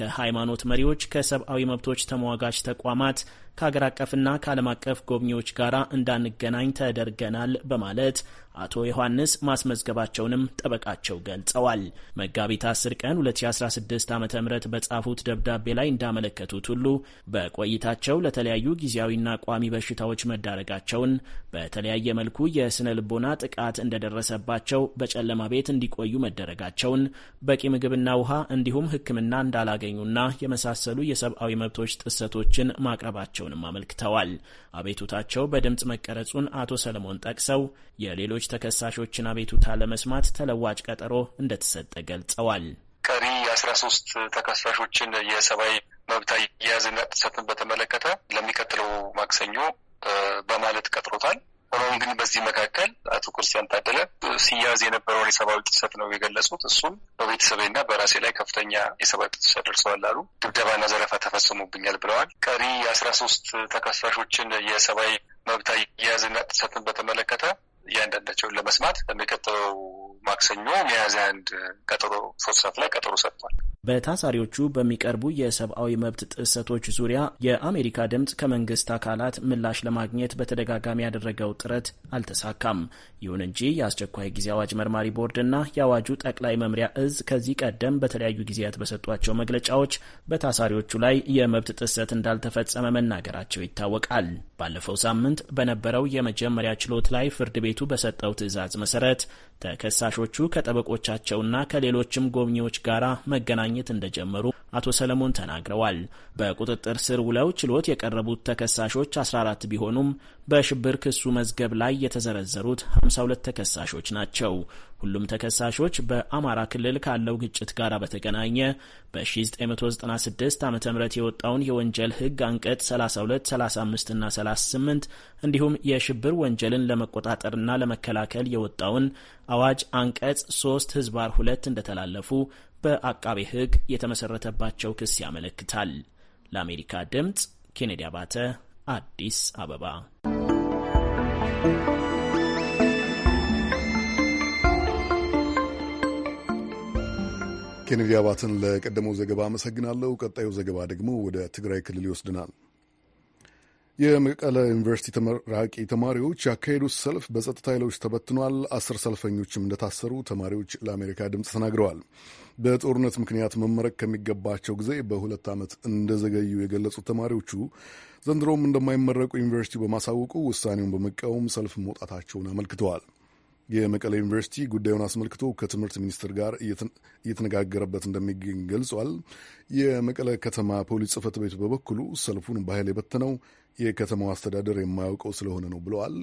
ከሃይማኖት መሪዎች፣ ከሰብአዊ መብቶች ተሟጋች ተቋማት፣ ከአገር አቀፍና ከዓለም አቀፍ ጎብኚዎች ጋር እንዳንገናኝ ተደርገናል በማለት አቶ ዮሐንስ ማስመዝገባቸውንም ጠበቃቸው ገልጸዋል። መጋቢት 10 ቀን 2016 ዓ ም በጻፉት ደብዳቤ ላይ እንዳመለከቱት ሁሉ በቆይታቸው ለተለያዩ ጊዜያዊና ቋሚ በሽታዎች መዳረጋቸውን፣ በተለያየ መልኩ የስነ ልቦና ጥቃት እንደደረሰባቸው፣ በጨለማ ቤት እንዲቆዩ መደረጋቸውን፣ በቂ ምግብና ውሃ እንዲሁም ሕክምና እንዳላገኙና የመሳሰሉ የሰብአዊ መብቶች ጥሰቶችን ማቅረባቸውንም አመልክተዋል። አቤቱታቸው በድምፅ መቀረጹን አቶ ሰለሞን ጠቅሰው የሌሎች ተከሳሾችን አቤቱታ ለመስማት ተለዋጭ ቀጠሮ እንደተሰጠ ገልጸዋል። ቀሪ የአስራ ሶስት ተከሳሾችን የሰብአዊ መብት አያያዝና ጥሰትን በተመለከተ ለሚቀጥለው ማክሰኞ በማለት ቀጥሮታል። ሆኖም ግን በዚህ መካከል አቶ ክርስቲያን ታደለ ሲያዝ የነበረውን የሰብአዊ ጥሰት ነው የገለጹት። እሱም በቤተሰቤና በራሴ ላይ ከፍተኛ የሰብአዊ ጥሰት ደርሰዋል አሉ። ድብደባና ዘረፋ ተፈጽሞብኛል ብለዋል። ቀሪ የአስራ ሶስት ተከሳሾችን የሰብአዊ መብት አያያዝና ጥሰትን በተመለከተ እያንዳንዳቸውን ለመስማት በሚቀጥለው ማክሰኞ ሚያዝያ አንድ ቀጠሮ ሶስት ሰዓት ላይ ቀጠሮ ሰጥቷል። በታሳሪዎቹ በሚቀርቡ የሰብአዊ መብት ጥሰቶች ዙሪያ የአሜሪካ ድምፅ ከመንግስት አካላት ምላሽ ለማግኘት በተደጋጋሚ ያደረገው ጥረት አልተሳካም። ይሁን እንጂ የአስቸኳይ ጊዜ አዋጅ መርማሪ ቦርድና የአዋጁ ጠቅላይ መምሪያ እዝ ከዚህ ቀደም በተለያዩ ጊዜያት በሰጧቸው መግለጫዎች በታሳሪዎቹ ላይ የመብት ጥሰት እንዳልተፈጸመ መናገራቸው ይታወቃል። ባለፈው ሳምንት በነበረው የመጀመሪያ ችሎት ላይ ፍርድ ቤቱ በሰጠው ትዕዛዝ መሰረት ተከሳሾቹ ከጠበቆቻቸውና ከሌሎችም ጎብኚዎች ጋራ መገናኘ ማግኘት እንደጀመሩ አቶ ሰለሞን ተናግረዋል። በቁጥጥር ስር ውለው ችሎት የቀረቡት ተከሳሾች 14 ቢሆኑም በሽብር ክሱ መዝገብ ላይ የተዘረዘሩት 52 ተከሳሾች ናቸው። ሁሉም ተከሳሾች በአማራ ክልል ካለው ግጭት ጋር በተገናኘ በ1996 ዓ ም የወጣውን የወንጀል ሕግ አንቀጽ 32፣ 35 እና 38 እንዲሁም የሽብር ወንጀልን ለመቆጣጠርና ለመከላከል የወጣውን አዋጅ አንቀጽ 3 ህዝባር 2 እንደተላለፉ በአቃቤ ሕግ የተመሰረተባቸው ክስ ያመለክታል። ለአሜሪካ ድምፅ ኬኔዲ አባተ አዲስ አበባ። ኬኔዲ አባትን ለቀደመው ዘገባ አመሰግናለሁ። ቀጣዩ ዘገባ ደግሞ ወደ ትግራይ ክልል ይወስድናል። የመቀለ ዩኒቨርሲቲ ተመራቂ ተማሪዎች ያካሄዱት ሰልፍ በጸጥታ ኃይሎች ተበትኗል። አስር ሰልፈኞችም እንደታሰሩ ተማሪዎች ለአሜሪካ ድምፅ ተናግረዋል። በጦርነት ምክንያት መመረቅ ከሚገባቸው ጊዜ በሁለት ዓመት እንደዘገዩ የገለጹት ተማሪዎቹ ዘንድሮም እንደማይመረቁ ዩኒቨርሲቲው በማሳወቁ ውሳኔውን በመቃወም ሰልፍ መውጣታቸውን አመልክተዋል። የመቀሌ ዩኒቨርሲቲ ጉዳዩን አስመልክቶ ከትምህርት ሚኒስትር ጋር እየተነጋገረበት እንደሚገኝ ገልጿል። የመቀለ ከተማ ፖሊስ ጽህፈት ቤት በበኩሉ ሰልፉን በኃይል የበተነው የከተማው አስተዳደር የማያውቀው ስለሆነ ነው ብለዋል።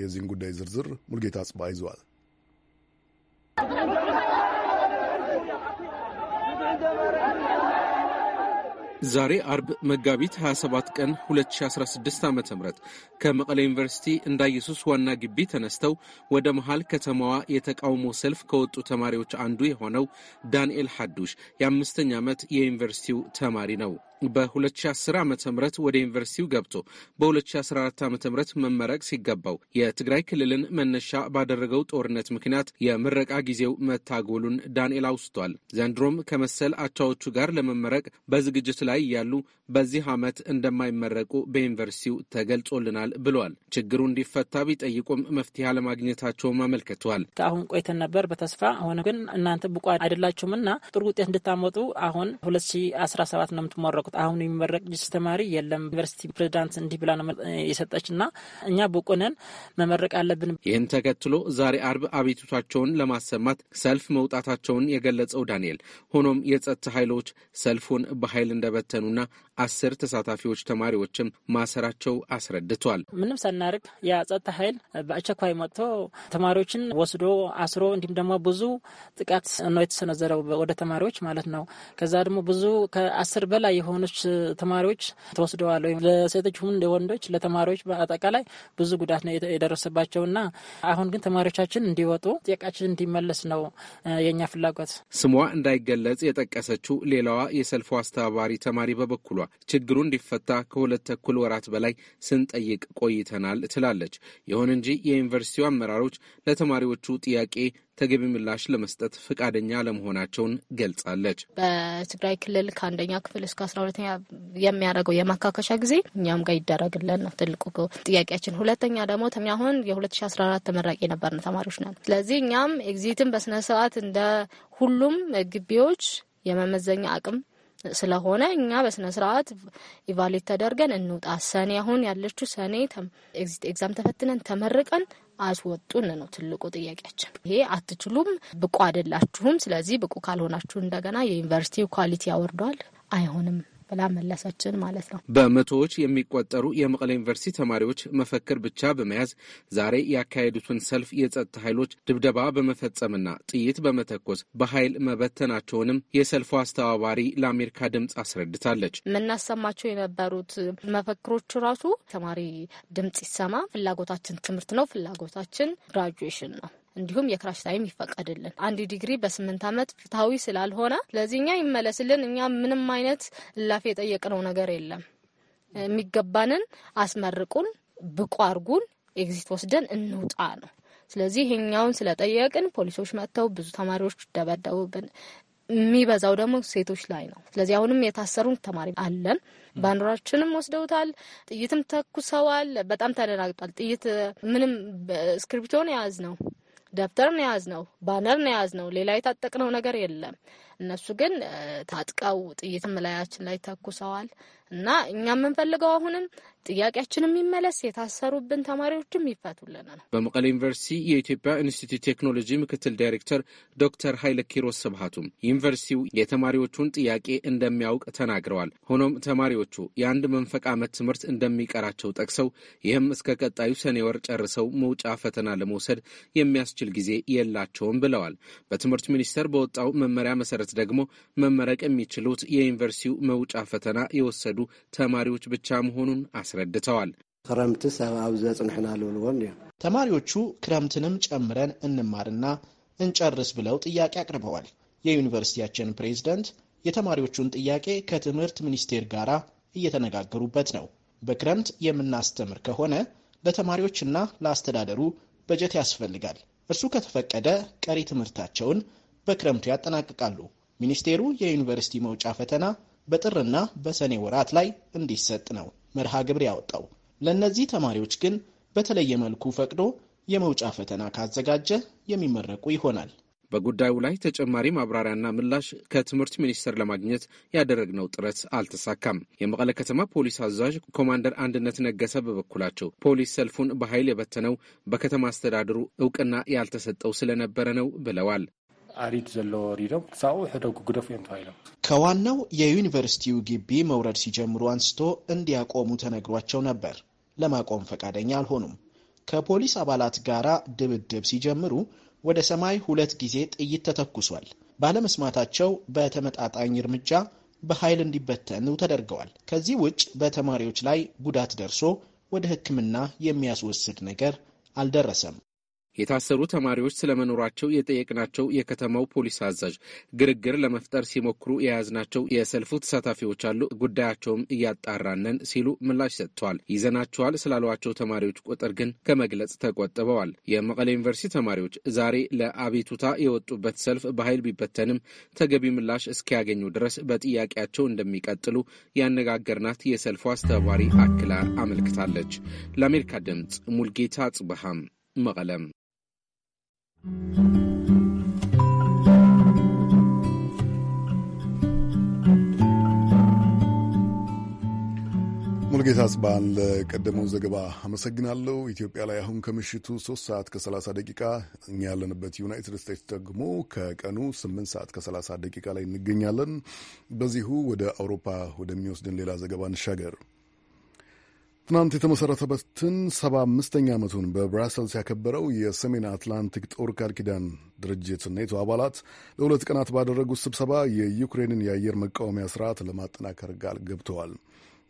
የዚህን ጉዳይ ዝርዝር ሙልጌታ አጽባ ይዘዋል። ዛሬ አርብ መጋቢት 27 ቀን 2016 ዓ ም ከመቀሌ ዩኒቨርሲቲ እንዳ ኢየሱስ ዋና ግቢ ተነስተው ወደ መሃል ከተማዋ የተቃውሞ ሰልፍ ከወጡ ተማሪዎች አንዱ የሆነው ዳንኤል ሐዱሽ የአምስተኛ ዓመት የዩኒቨርሲቲው ተማሪ ነው። በ2010 ዓ ም ወደ ዩኒቨርሲቲው ገብቶ በ2014 ዓ ም መመረቅ ሲገባው የትግራይ ክልልን መነሻ ባደረገው ጦርነት ምክንያት የምረቃ ጊዜው መታጎሉን ዳንኤል አውስቷል። ዘንድሮም ከመሰል አቻዎቹ ጋር ለመመረቅ በዝግጅት ላይ እያሉ በዚህ ዓመት እንደማይመረቁ በዩኒቨርሲቲው ተገልጾልናል ብሏል ችግሩ እንዲፈታ ቢጠይቁም መፍትሄ ለማግኘታቸው አመልክተዋል። አሁን ቆይተን ነበር በተስፋ አሁን ግን እናንተ ብቁ አይደላችሁምና ጥሩ ውጤት እንድታመጡ አሁን 2017 ነው የምትመረቁ አሁን የሚመረቅ ጅስ ተማሪ የለም። ዩኒቨርሲቲ ፕሬዚዳንት እንዲህ ብላ የሰጠች እና እኛ ብቁነን መመረቅ አለብን። ይህን ተከትሎ ዛሬ አርብ አቤቱታቸውን ለማሰማት ሰልፍ መውጣታቸውን የገለጸው ዳንኤል፣ ሆኖም የጸጥታ ኃይሎች ሰልፉን በኃይል እንደበተኑና አስር ተሳታፊዎች ተማሪዎችም ማሰራቸው አስረድቷል። ምንም ሳናርግ የጸጥታ ኃይል በአስቸኳይ መጥቶ ተማሪዎችን ወስዶ አስሮ እንዲሁም ደግሞ ብዙ ጥቃት ነው የተሰነዘረው ወደ ተማሪዎች ማለት ነው። ከዛ ደግሞ ብዙ ከአስር በላይ የሆኑ ለመኖች ተማሪዎች ተወስደዋል። ወይም ለሴቶች ሁን ለወንዶች፣ ለተማሪዎች በአጠቃላይ ብዙ ጉዳት ነው የደረሰባቸውና አሁን ግን ተማሪዎቻችን እንዲወጡ ጥያቄያችን እንዲመለስ ነው የእኛ ፍላጎት። ስሟ እንዳይገለጽ የጠቀሰችው ሌላዋ የሰልፉ አስተባባሪ ተማሪ በበኩሏ ችግሩ እንዲፈታ ከሁለት ተኩል ወራት በላይ ስንጠይቅ ቆይተናል ትላለች። ይሁን እንጂ የዩኒቨርሲቲው አመራሮች ለተማሪዎቹ ጥያቄ ተገቢ ምላሽ ለመስጠት ፈቃደኛ ለመሆናቸውን ገልጻለች። በትግራይ ክልል ከአንደኛ ክፍል እስከ አስራ ሁለተኛ የሚያደርገው የማካከሻ ጊዜ እኛም ጋር ይደረግልን ነው ትልቁ ጥያቄያችን። ሁለተኛ ደግሞ አሁን የ2014 ተመራቂ የነበርን ተማሪዎች ነን። ስለዚህ እኛም ኤግዚትን በስነ ስርዓት እንደ ሁሉም ግቢዎች የመመዘኛ አቅም ስለሆነ እኛ በስነ ስርዓት ኢቫሌት ተደርገን እንውጣ። ሰኔ አሁን ያለችው ሰኔ ኤግዚት ኤግዛም ተፈትነን ተመርቀን አስወጡን ነው ትልቁ ጥያቄያችን። ይሄ አትችሉም፣ ብቁ አይደላችሁም፣ ስለዚህ ብቁ ካልሆናችሁ እንደገና የዩኒቨርሲቲ ኳሊቲ ያወርደዋል። አይሆንም ብላ መለሰችን ማለት ነው። በመቶዎች የሚቆጠሩ የመቀለ ዩኒቨርሲቲ ተማሪዎች መፈክር ብቻ በመያዝ ዛሬ ያካሄዱትን ሰልፍ የጸጥታ ኃይሎች ድብደባ በመፈጸምና ጥይት በመተኮስ በኃይል መበተናቸውንም የሰልፉ አስተባባሪ ለአሜሪካ ድምፅ አስረድታለች። የምናሰማቸው የነበሩት መፈክሮቹ ራሱ ተማሪ ድምፅ ይሰማ፣ ፍላጎታችን ትምህርት ነው፣ ፍላጎታችን ግራጁዌሽን ነው እንዲሁም የክራሽ ታይም ይፈቀድልን። አንድ ዲግሪ በስምንት ዓመት ፍትሐዊ ስላልሆነ እኛ ይመለስልን። እኛ ምንም አይነት እላፊ የጠየቅነው ነገር የለም። የሚገባንን አስመርቁን፣ ብቁ አርጉን፣ ኤግዚት ወስደን እንውጣ ነው። ስለዚህ ይሄኛውን ስለጠየቅን ፖሊሶች መጥተው ብዙ ተማሪዎች ደበደቡብን። የሚበዛው ደግሞ ሴቶች ላይ ነው። ስለዚህ አሁንም የታሰሩን ተማሪ አለን። ባንዲራችንም ወስደውታል። ጥይትም ተኩሰዋል። በጣም ተደናግጧል። ጥይት ምንም እስክርቢቶን የያዝ ነው ደብተር ነው የያዝነው፣ ባነር ነው የያዝነው፣ ሌላ የታጠቅነው ነገር የለም። እነሱ ግን ታጥቀው ጥይትም ላያችን ላይ ተኩሰዋል። እና እኛ የምንፈልገው አሁንም ጥያቄያችን የሚመለስ የታሰሩብን ተማሪዎችም ይፈቱልን ነው። ዩኒቨርሲቲ የኢትዮጵያ ኢንስቲትዩት ቴክኖሎጂ ምክትል ዳይሬክተር ዶክተር ኃይለ ኪሮስ ስብሀቱም ዩኒቨርሲቲው የተማሪዎቹን ጥያቄ እንደሚያውቅ ተናግረዋል። ሆኖም ተማሪዎቹ የአንድ መንፈቅ ዓመት ትምህርት እንደሚቀራቸው ጠቅሰው ይህም እስከ ቀጣዩ ሰኔ ወር ጨርሰው መውጫ ፈተና ለመውሰድ የሚያስችል ጊዜ የላቸውም ብለዋል። በትምህርት ሚኒስቴር በወጣው መመሪያ መሰረት ደግሞ መመረቅ የሚችሉት የዩኒቨርሲቲው መውጫ ፈተና የወሰዱ የተወሰዱ ተማሪዎች ብቻ መሆኑን አስረድተዋል። ክረምቲ ሰብ ዘጽንሕና ዘፅንሕና እዮም ተማሪዎቹ ክረምትንም ጨምረን እንማርና እንጨርስ ብለው ጥያቄ አቅርበዋል። የዩኒቨርሲቲያችን ፕሬዝደንት የተማሪዎቹን ጥያቄ ከትምህርት ሚኒስቴር ጋር እየተነጋገሩበት ነው። በክረምት የምናስተምር ከሆነ ለተማሪዎችና ለአስተዳደሩ በጀት ያስፈልጋል። እርሱ ከተፈቀደ ቀሪ ትምህርታቸውን በክረምቱ ያጠናቅቃሉ። ሚኒስቴሩ የዩኒቨርሲቲ መውጫ ፈተና በጥርና በሰኔ ወራት ላይ እንዲሰጥ ነው መርሃ ግብር ያወጣው። ለእነዚህ ተማሪዎች ግን በተለየ መልኩ ፈቅዶ የመውጫ ፈተና ካዘጋጀ የሚመረቁ ይሆናል። በጉዳዩ ላይ ተጨማሪ ማብራሪያና ምላሽ ከትምህርት ሚኒስቴር ለማግኘት ያደረግነው ጥረት አልተሳካም። የመቀለ ከተማ ፖሊስ አዛዥ ኮማንደር አንድነት ነገሰ በበኩላቸው ፖሊስ ሰልፉን በኃይል የበተነው በከተማ አስተዳደሩ እውቅና ያልተሰጠው ስለነበረ ነው ብለዋል። ዓሪት ዘለዎ ሪዶም ሳብኡ ሕደጉ ግደፉ እዮም ተባሂሎም ከዋናው የዩኒቨርሲቲው ግቢ መውረድ ሲጀምሩ አንስቶ እንዲያቆሙ ተነግሯቸው ነበር። ለማቆም ፈቃደኛ አልሆኑም። ከፖሊስ አባላት ጋር ድብድብ ሲጀምሩ ወደ ሰማይ ሁለት ጊዜ ጥይት ተተኩሷል። ባለመስማታቸው በተመጣጣኝ እርምጃ በኃይል እንዲበተኑ ተደርገዋል። ከዚህ ውጭ በተማሪዎች ላይ ጉዳት ደርሶ ወደ ህክምና የሚያስወስድ ነገር አልደረሰም። የታሰሩ ተማሪዎች ስለመኖራቸው የጠየቅናቸው የከተማው ፖሊስ አዛዥ ግርግር ለመፍጠር ሲሞክሩ የያዝናቸው የሰልፉ ተሳታፊዎች አሉ፣ ጉዳያቸውም እያጣራነን ሲሉ ምላሽ ሰጥተዋል። ይዘናቸዋል ስላሏቸው ተማሪዎች ቁጥር ግን ከመግለጽ ተቆጥበዋል። የመቀሌ ዩኒቨርሲቲ ተማሪዎች ዛሬ ለአቤቱታ የወጡበት ሰልፍ በኃይል ቢበተንም ተገቢ ምላሽ እስኪያገኙ ድረስ በጥያቄያቸው እንደሚቀጥሉ ያነጋገርናት የሰልፉ አስተባባሪ አክላ አመልክታለች። ለአሜሪካ ድምፅ ሙልጌታ ጽበሃም መቀለም ሙልጌታ አጽባን ለቀደመው ዘገባ አመሰግናለሁ። ኢትዮጵያ ላይ አሁን ከምሽቱ 3 ሰዓት ከ30 ደቂቃ፣ እኛ ያለንበት ዩናይትድ ስቴትስ ደግሞ ከቀኑ 8 ሰዓት ከ30 ደቂቃ ላይ እንገኛለን። በዚሁ ወደ አውሮፓ ወደሚወስድን ሌላ ዘገባ እንሻገር። ትናንት የተመሠረተበትን ሰባ አምስተኛ ዓመቱን በብራሰልስ ያከበረው የሰሜን አትላንቲክ ጦር ቃል ኪዳን ድርጅት ኔቶ አባላት ለሁለት ቀናት ባደረጉት ስብሰባ የዩክሬንን የአየር መቃወሚያ ስርዓት ለማጠናከር ቃል ገብተዋል።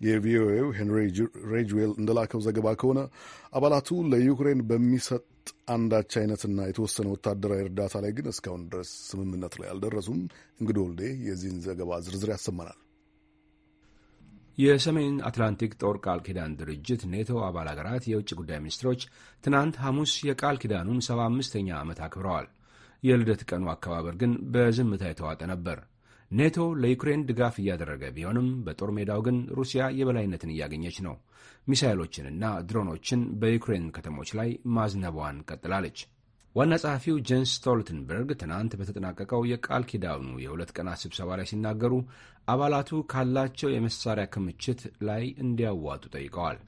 የቪኦኤው ሄንሪ ሬጅዌል እንደላከው ዘገባ ከሆነ አባላቱ ለዩክሬን በሚሰጥ አንዳች አይነትና የተወሰነ ወታደራዊ እርዳታ ላይ ግን እስካሁን ድረስ ስምምነት ላይ አልደረሱም። እንግዶ ወልዴ የዚህን ዘገባ ዝርዝር ያሰማናል። የሰሜን አትላንቲክ ጦር ቃል ኪዳን ድርጅት ኔቶ አባል አገራት የውጭ ጉዳይ ሚኒስትሮች ትናንት ሐሙስ የቃል ኪዳኑን 75 ምስተኛ ዓመት አክብረዋል። የልደት ቀኑ አከባበር ግን በዝምታ የተዋጠ ነበር። ኔቶ ለዩክሬን ድጋፍ እያደረገ ቢሆንም በጦር ሜዳው ግን ሩሲያ የበላይነትን እያገኘች ነው። ሚሳይሎችንና ድሮኖችን በዩክሬን ከተሞች ላይ ማዝነቧን ቀጥላለች። ዋና ጸሐፊው ጄንስ ስቶልትንበርግ ትናንት በተጠናቀቀው የቃል ኪዳኑ የሁለት ቀናት ስብሰባ ላይ ሲናገሩ አባላቱ ካላቸው የመሳሪያ ክምችት ላይ እንዲያዋጡ ጠይቀዋል።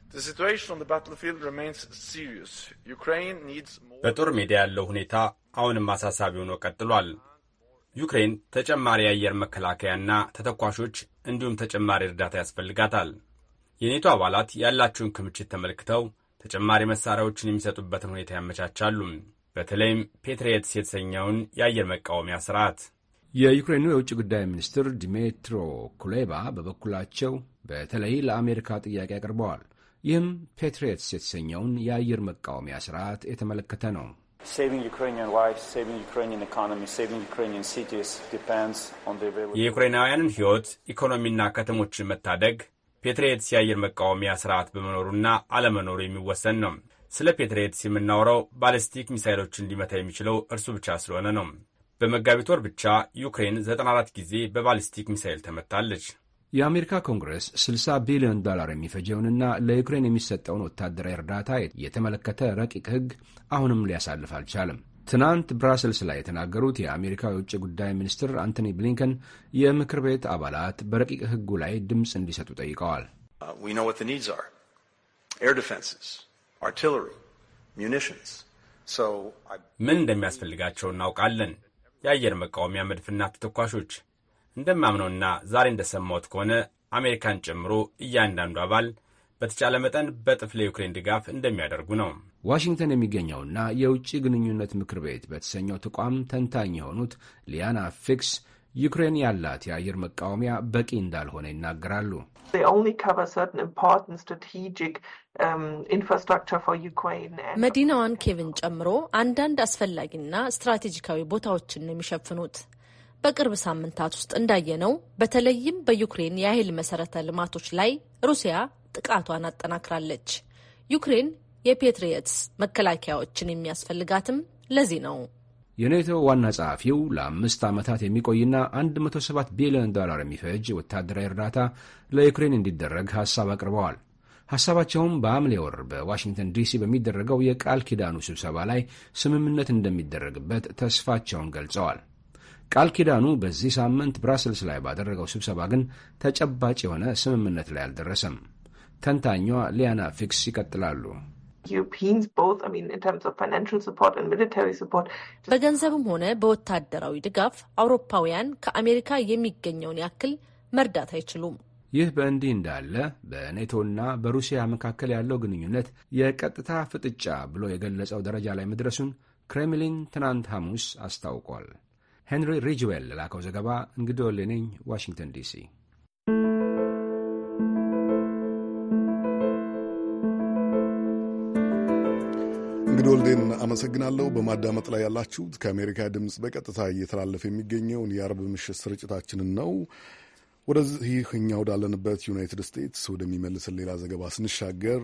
በጦር ሜዳ ያለው ሁኔታ አሁንም አሳሳቢ ሆኖ ቀጥሏል። ዩክሬን ተጨማሪ የአየር መከላከያና ተተኳሾች እንዲሁም ተጨማሪ እርዳታ ያስፈልጋታል። የኔቶ አባላት ያላቸውን ክምችት ተመልክተው ተጨማሪ መሳሪያዎችን የሚሰጡበትን ሁኔታ ያመቻቻሉ። በተለይም ፔትሪየትስ የተሰኘውን የአየር መቃወሚያ ስርዓት። የዩክሬኑ የውጭ ጉዳይ ሚኒስትር ዲሜትሮ ኩሌባ በበኩላቸው በተለይ ለአሜሪካ ጥያቄ አቅርበዋል። ይህም ፔትሬትስ የተሰኘውን የአየር መቃወሚያ ስርዓት የተመለከተ ነው። የዩክሬናውያንን ሕይወት፣ ኢኮኖሚና ከተሞችን መታደግ ፔትሬትስ የአየር መቃወሚያ ስርዓት በመኖሩና አለመኖሩ የሚወሰን ነው። ስለ ፔትሬትስ የምናወራው ባለስቲክ ሚሳይሎችን ሊመታ የሚችለው እርሱ ብቻ ስለሆነ ነው። በመጋቢት ወር ብቻ ዩክሬን 94 ጊዜ በባለስቲክ ሚሳይል ተመታለች። የአሜሪካ ኮንግረስ 60 ቢሊዮን ዶላር የሚፈጀውንና ለዩክሬን የሚሰጠውን ወታደራዊ እርዳታ የተመለከተ ረቂቅ ሕግ አሁንም ሊያሳልፍ አልቻለም። ትናንት ብራስልስ ላይ የተናገሩት የአሜሪካ የውጭ ጉዳይ ሚኒስትር አንቶኒ ብሊንከን የምክር ቤት አባላት በረቂቅ ሕጉ ላይ ድምፅ እንዲሰጡ ጠይቀዋል። uh, ምን እንደሚያስፈልጋቸው እናውቃለን። የአየር መቃወሚያ መድፍና ተተኳሾች። እንደማምነውና ዛሬ እንደሰማሁት ከሆነ አሜሪካን ጨምሮ እያንዳንዱ አባል በተቻለ መጠን በጥፍ ለዩክሬን ድጋፍ እንደሚያደርጉ ነው። ዋሽንግተን የሚገኘውና የውጭ ግንኙነት ምክር ቤት በተሰኘው ተቋም ተንታኝ የሆኑት ሊያና ፊክስ ዩክሬን ያላት የአየር መቃወሚያ በቂ እንዳልሆነ ይናገራሉ። um, መዲናዋን ኬቭን ጨምሮ አንዳንድ አስፈላጊና ስትራቴጂካዊ ቦታዎችን ነው የሚሸፍኑት። በቅርብ ሳምንታት ውስጥ እንዳየነው በተለይም በዩክሬን የኃይል መሰረተ ልማቶች ላይ ሩሲያ ጥቃቷን አጠናክራለች። ዩክሬን የፔትሪየትስ መከላከያዎችን የሚያስፈልጋትም ለዚህ ነው። የኔቶ ዋና ጸሐፊው ለአምስት ዓመታት የሚቆይና 107 ቢሊዮን ዶላር የሚፈጅ ወታደራዊ እርዳታ ለዩክሬን እንዲደረግ ሐሳብ አቅርበዋል። ሐሳባቸውም በሐምሌ ወር በዋሽንግተን ዲሲ በሚደረገው የቃል ኪዳኑ ስብሰባ ላይ ስምምነት እንደሚደረግበት ተስፋቸውን ገልጸዋል። ቃል ኪዳኑ በዚህ ሳምንት ብራስልስ ላይ ባደረገው ስብሰባ ግን ተጨባጭ የሆነ ስምምነት ላይ አልደረሰም። ተንታኟ ሊያና ፊክስ ይቀጥላሉ። በገንዘብም ሆነ በወታደራዊ ድጋፍ አውሮፓውያን ከአሜሪካ የሚገኘውን ያክል መርዳት አይችሉም። ይህ በእንዲህ እንዳለ በኔቶና በሩሲያ መካከል ያለው ግንኙነት የቀጥታ ፍጥጫ ብሎ የገለጸው ደረጃ ላይ መድረሱን ክሬምሊን ትናንት ሐሙስ አስታውቋል። ሄንሪ ሪጅዌል ለላከው ዘገባ እንግዶ ሌነኝ ዋሽንግተን ዲሲ እንግዲህ ወልዴን አመሰግናለሁ። በማዳመጥ ላይ ያላችሁት ከአሜሪካ ድምፅ በቀጥታ እየተላለፈ የሚገኘውን የአርብ ምሽት ስርጭታችንን ነው። ወደዚህ እኛ ወዳለንበት ዩናይትድ ስቴትስ ወደሚመልስን ሌላ ዘገባ ስንሻገር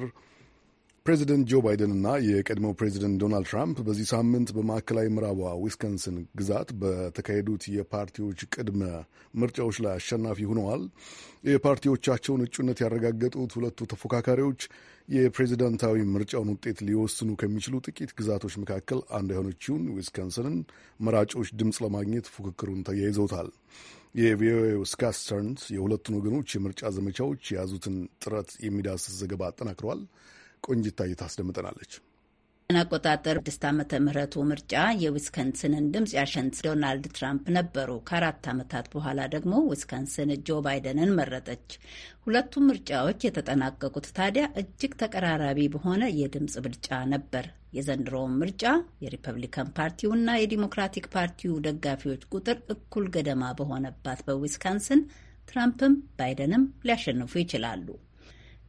ፕሬዚደንት ጆ ባይደን እና የቀድሞው ፕሬዚደንት ዶናልድ ትራምፕ በዚህ ሳምንት በማዕከላዊ ምዕራቧ ዊስከንስን ግዛት በተካሄዱት የፓርቲዎች ቅድመ ምርጫዎች ላይ አሸናፊ ሆነዋል። የፓርቲዎቻቸውን እጩነት ያረጋገጡት ሁለቱ ተፎካካሪዎች የፕሬዚዳንታዊ ምርጫውን ውጤት ሊወስኑ ከሚችሉ ጥቂት ግዛቶች መካከል አንዱ የሆነችውን ዊስከንስንን መራጮች ድምፅ ለማግኘት ፉክክሩን ተያይዘውታል። የቪኦኤው ስካት ስተርንስ የሁለቱን ወገኖች የምርጫ ዘመቻዎች የያዙትን ጥረት የሚዳስስ ዘገባ አጠናክሯል። ቆንጅታዬ ታስደምጠናለች። አቆጣጠር ስድስት ዓመተ ምህረቱ ምርጫ የዊስከንስንን ድምፅ ያሸንፍ ዶናልድ ትራምፕ ነበሩ። ከአራት ዓመታት በኋላ ደግሞ ዊስከንስን ጆ ባይደንን መረጠች። ሁለቱም ምርጫዎች የተጠናቀቁት ታዲያ እጅግ ተቀራራቢ በሆነ የድምፅ ብልጫ ነበር። የዘንድሮውን ምርጫ የሪፐብሊካን ፓርቲውና የዲሞክራቲክ ፓርቲው ደጋፊዎች ቁጥር እኩል ገደማ በሆነባት በዊስካንስን ትራምፕም ባይደንም ሊያሸንፉ ይችላሉ።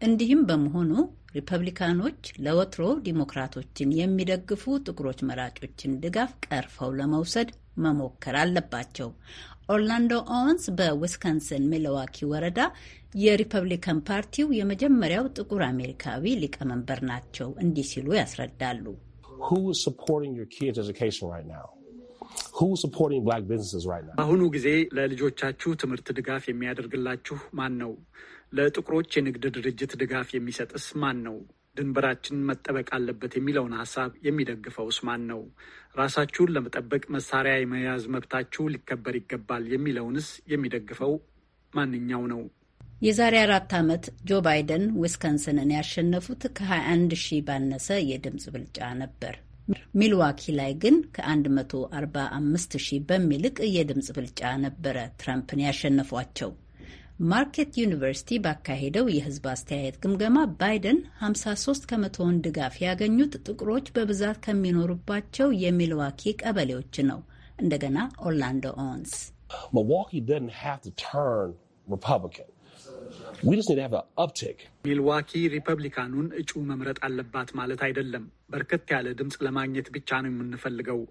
እንዲህም በመሆኑ ሪፐብሊካኖች ለወትሮ ዲሞክራቶችን የሚደግፉ ጥቁሮች መራጮችን ድጋፍ ቀርፈው ለመውሰድ መሞከር አለባቸው። ኦርላንዶ ኦወንስ በዊስከንሰን ሚለዋኪ ወረዳ የሪፐብሊካን ፓርቲው የመጀመሪያው ጥቁር አሜሪካዊ ሊቀመንበር ናቸው። እንዲህ ሲሉ ያስረዳሉ። በአሁኑ ጊዜ ለልጆቻችሁ ትምህርት ድጋፍ የሚያደርግላችሁ ማን ነው? ለጥቁሮች የንግድ ድርጅት ድጋፍ የሚሰጥስ ማን ነው? ድንበራችን መጠበቅ አለበት የሚለውን ሀሳብ የሚደግፈውስ ማን ነው? ራሳችሁን ለመጠበቅ መሳሪያ የመያዝ መብታችሁ ሊከበር ይገባል የሚለውንስ የሚደግፈው ማንኛው ነው? የዛሬ አራት ዓመት ጆ ባይደን ዊስከንስንን ያሸነፉት ከ21 ሺህ ባነሰ የድምፅ ብልጫ ነበር። ሚልዋኪ ላይ ግን ከ145 ሺህ በሚልቅ የድምፅ ብልጫ ነበረ ትራምፕን ያሸነፏቸው። ማርኬት ዩኒቨርሲቲ ባካሄደው የህዝብ አስተያየት ግምገማ ባይደን 53 ከመቶውን ድጋፍ ያገኙት ጥቁሮች በብዛት ከሚኖሩባቸው የሚልዋኪ ቀበሌዎች ነው። እንደገና ኦርላንዶ ኦንስ ሚልዋኪ ሪፐብሊካኑን እጩ መምረጥ አለባት ማለት አይደለም። በርከት ያለ ድምፅ ለማግኘት ብቻ ነው የምንፈልገው።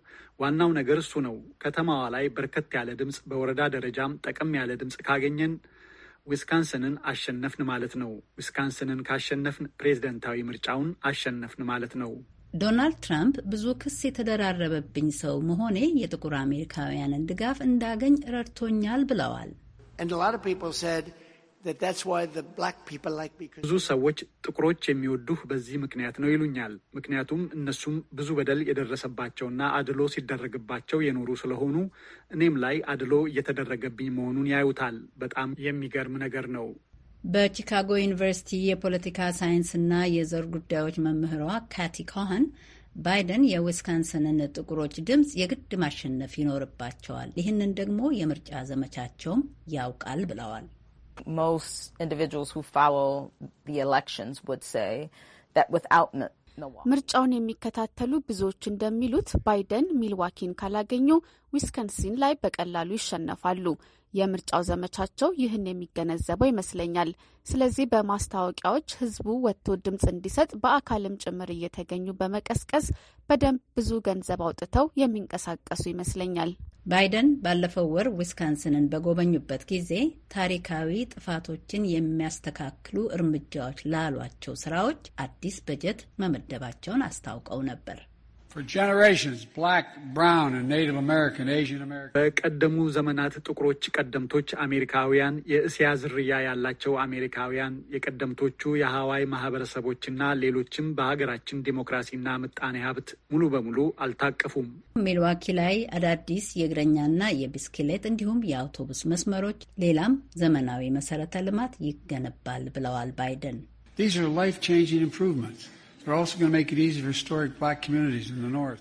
ዋናው ነገር እሱ ነው። ከተማዋ ላይ በርከት ያለ ድምፅ፣ በወረዳ ደረጃም ጠቀም ያለ ድምፅ ካገኘን ዊስካንሰንን አሸነፍን ማለት ነው። ዊስካንሰንን ካሸነፍን ፕሬዝደንታዊ ምርጫውን አሸነፍን ማለት ነው። ዶናልድ ትራምፕ ብዙ ክስ የተደራረበብኝ ሰው መሆኔ የጥቁር አሜሪካውያንን ድጋፍ እንዳገኝ ረድቶኛል ብለዋል። ብዙ ሰዎች ጥቁሮች የሚወዱህ በዚህ ምክንያት ነው ይሉኛል። ምክንያቱም እነሱም ብዙ በደል የደረሰባቸውና አድሎ ሲደረግባቸው የኖሩ ስለሆኑ እኔም ላይ አድሎ እየተደረገብኝ መሆኑን ያዩታል። በጣም የሚገርም ነገር ነው። በቺካጎ ዩኒቨርሲቲ የፖለቲካ ሳይንስና የዘር ጉዳዮች መምህሯ ካቲ ኮሀን ባይደን የዊስካንሰንን ጥቁሮች ድምፅ የግድ ማሸነፍ ይኖርባቸዋል፣ ይህንን ደግሞ የምርጫ ዘመቻቸውም ያውቃል ብለዋል። ምርጫውን የሚከታተሉ ብዙዎች እንደሚሉት ባይደን ሚልዋኪን ካላገኙ ዊስከንሲን ላይ በቀላሉ ይሸነፋሉ። የምርጫው ዘመቻቸው ይህን የሚገነዘበው ይመስለኛል። ስለዚህ በማስታወቂያዎች ህዝቡ ወጥቶ ድምፅ እንዲሰጥ በአካልም ጭምር እየተገኙ በመቀስቀስ በደንብ ብዙ ገንዘብ አውጥተው የሚንቀሳቀሱ ይመስለኛል። ባይደን ባለፈው ወር ዊስካንስንን በጎበኙበት ጊዜ ታሪካዊ ጥፋቶችን የሚያስተካክሉ እርምጃዎች ላሏቸው ስራዎች አዲስ በጀት መመደባቸውን አስታውቀው ነበር። በቀደሙ ዘመናት ጥቁሮች ቀደምቶች አሜሪካውያን፣ የእስያ ዝርያ ያላቸው አሜሪካውያን፣ የቀደምቶቹ የሀዋይ ማህበረሰቦችና ሌሎችም በሀገራችን ዲሞክራሲና ምጣኔ ሀብት ሙሉ በሙሉ አልታቀፉም። ሚልዋኪ ላይ አዳዲስ የእግረኛና የቢስክሌት እንዲሁም የአውቶቡስ መስመሮች፣ ሌላም ዘመናዊ መሰረተ ልማት ይገነባል ብለዋል ባይደን።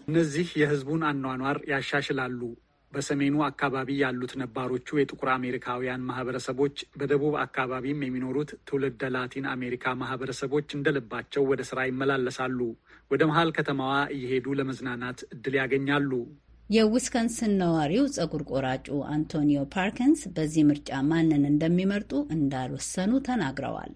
እነዚህ የህዝቡን አኗኗር ያሻሽላሉ። በሰሜኑ አካባቢ ያሉት ነባሮቹ የጥቁር አሜሪካውያን ማህበረሰቦች በደቡብ አካባቢም የሚኖሩት ትውልደ ላቲን አሜሪካ ማህበረሰቦች እንደልባቸው ወደ ስራ ይመላለሳሉ። ወደ መሀል ከተማዋ እየሄዱ ለመዝናናት እድል ያገኛሉ። የዊስከንስን ነዋሪው ጸጉር ቆራጩ አንቶኒዮ ፓርኪንስ በዚህ ምርጫ ማንን እንደሚመርጡ እንዳልወሰኑ ተናግረዋል።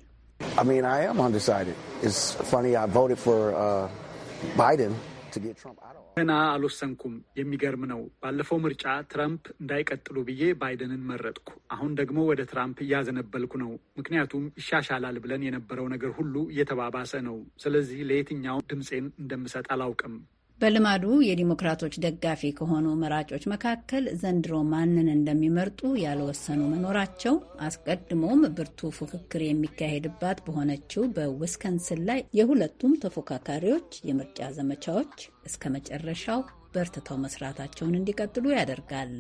ገና አልወሰንኩም። የሚገርም ነው። ባለፈው ምርጫ ትራምፕ እንዳይቀጥሉ ብዬ ባይደንን መረጥኩ። አሁን ደግሞ ወደ ትራምፕ እያዘነበልኩ ነው። ምክንያቱም ይሻሻላል ብለን የነበረው ነገር ሁሉ እየተባባሰ ነው። ስለዚህ ለየትኛው ድምፄን እንደምሰጥ አላውቅም። በልማዱ የዲሞክራቶች ደጋፊ ከሆኑ መራጮች መካከል ዘንድሮ ማንን እንደሚመርጡ ያልወሰኑ መኖራቸው አስቀድሞም ብርቱ ፉክክር የሚካሄድባት በሆነችው በዊስከንስን ላይ የሁለቱም ተፎካካሪዎች የምርጫ ዘመቻዎች እስከ መጨረሻው በርትተው መስራታቸውን እንዲቀጥሉ ያደርጋል።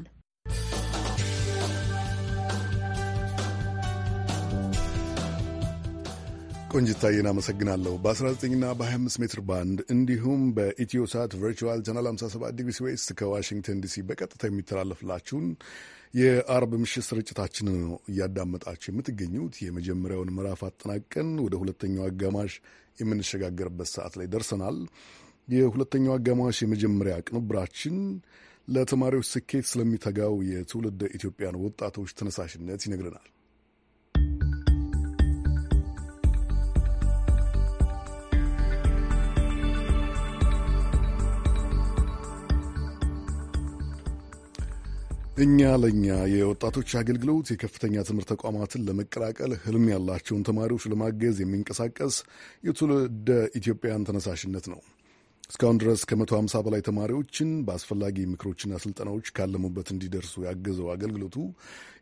ቆንጅታዬን አመሰግናለሁ። በ19ና በ25 ሜትር ባንድ እንዲሁም በኢትዮ ሳት ቨርቹዋል ቻናል 57 ዲግሪ ዌስት ከዋሽንግተን ዲሲ በቀጥታ የሚተላለፍላችሁን የአርብ ምሽት ስርጭታችን ነው እያዳመጣችሁ የምትገኙት። የመጀመሪያውን ምዕራፍ አጠናቀን ወደ ሁለተኛው አጋማሽ የምንሸጋገርበት ሰዓት ላይ ደርሰናል። የሁለተኛው አጋማሽ የመጀመሪያ ቅንብራችን ለተማሪዎች ስኬት ስለሚተጋው የትውልድ ኢትዮጵያን ወጣቶች ተነሳሽነት ይነግረናል። እኛ ለእኛ የወጣቶች አገልግሎት የከፍተኛ ትምህርት ተቋማትን ለመቀላቀል ህልም ያላቸውን ተማሪዎች ለማገዝ የሚንቀሳቀስ የትውልደ ኢትዮጵያን ተነሳሽነት ነው። እስካሁን ድረስ ከ150 በላይ ተማሪዎችን በአስፈላጊ ምክሮችና ስልጠናዎች ካለሙበት እንዲደርሱ ያገዘው አገልግሎቱ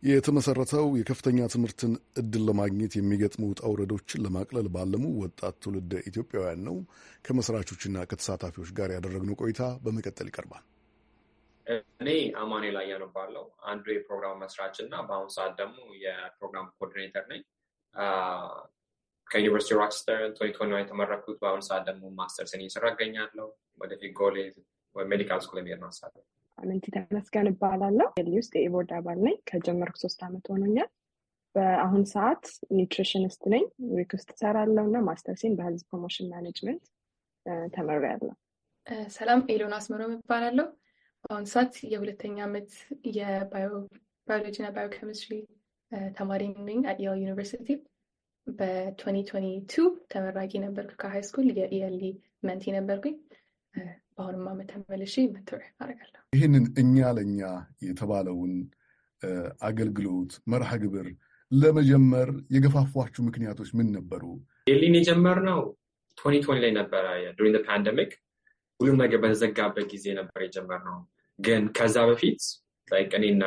የተመሰረተው የከፍተኛ ትምህርትን እድል ለማግኘት የሚገጥሙ ውጣ ውረዶችን ለማቅለል ባለሙ ወጣት ትውልደ ኢትዮጵያውያን ነው። ከመስራቾችና ከተሳታፊዎች ጋር ያደረግነው ቆይታ በመቀጠል ይቀርባል። እኔ አማኔ ላይ ያነባለው አንዱ የፕሮግራም መስራች እና በአሁኑ ሰዓት ደግሞ የፕሮግራም ኮኦርዲኔተር ነኝ። ከዩኒቨርሲቲ ሮክስተር ቶኒቶኒ የተመረኩት በአሁኑ ሰዓት ደግሞ ማስተርሴን እየሰራ እገኛለሁ። ወደፊት ጎሌ ሜዲካል ስኩል የሚሄድ ማሳለ አመንቲ ተመስገን እባላለሁ። ሊ ውስጥ የኢቦርድ አባል ነኝ። ከጀመርኩ ሶስት ዓመት ሆኖኛል። በአሁን ሰዓት ኒውትሪሽንስት ነኝ። ዊክ ውስጥ እሰራለሁ እና ማስተርሴን በሄልዝ ፕሮሞሽን ማኔጅመንት ተመሪያለሁ። ሰላም ኤሎን አስመሮ እባላለሁ። በአሁኑ ሰዓት የሁለተኛ ዓመት የባዮሎጂ እና ባዮኬሚስትሪ ተማሪ ነኝ። አት የል ዩኒቨርሲቲ በ2022 ተመራቂ ነበርኩ። ከሃይ ስኩል የኢኤልኢ መንቲ ነበርኩኝ። በአሁኑም ዓመት ተመልሼ መተር አደርጋለሁ። ይህንን እኛ ለእኛ የተባለውን አገልግሎት መርሃ ግብር ለመጀመር የገፋፏችሁ ምክንያቶች ምን ነበሩ? ኢኤልኢን የጀመርነው ቶኒ ቶኒ ላይ ነበረ ዱሪንግ ፓንደሚክ ሁሉም ነገር በተዘጋበት ጊዜ ነበር የጀመርነው። ግን ከዛ በፊት እኔና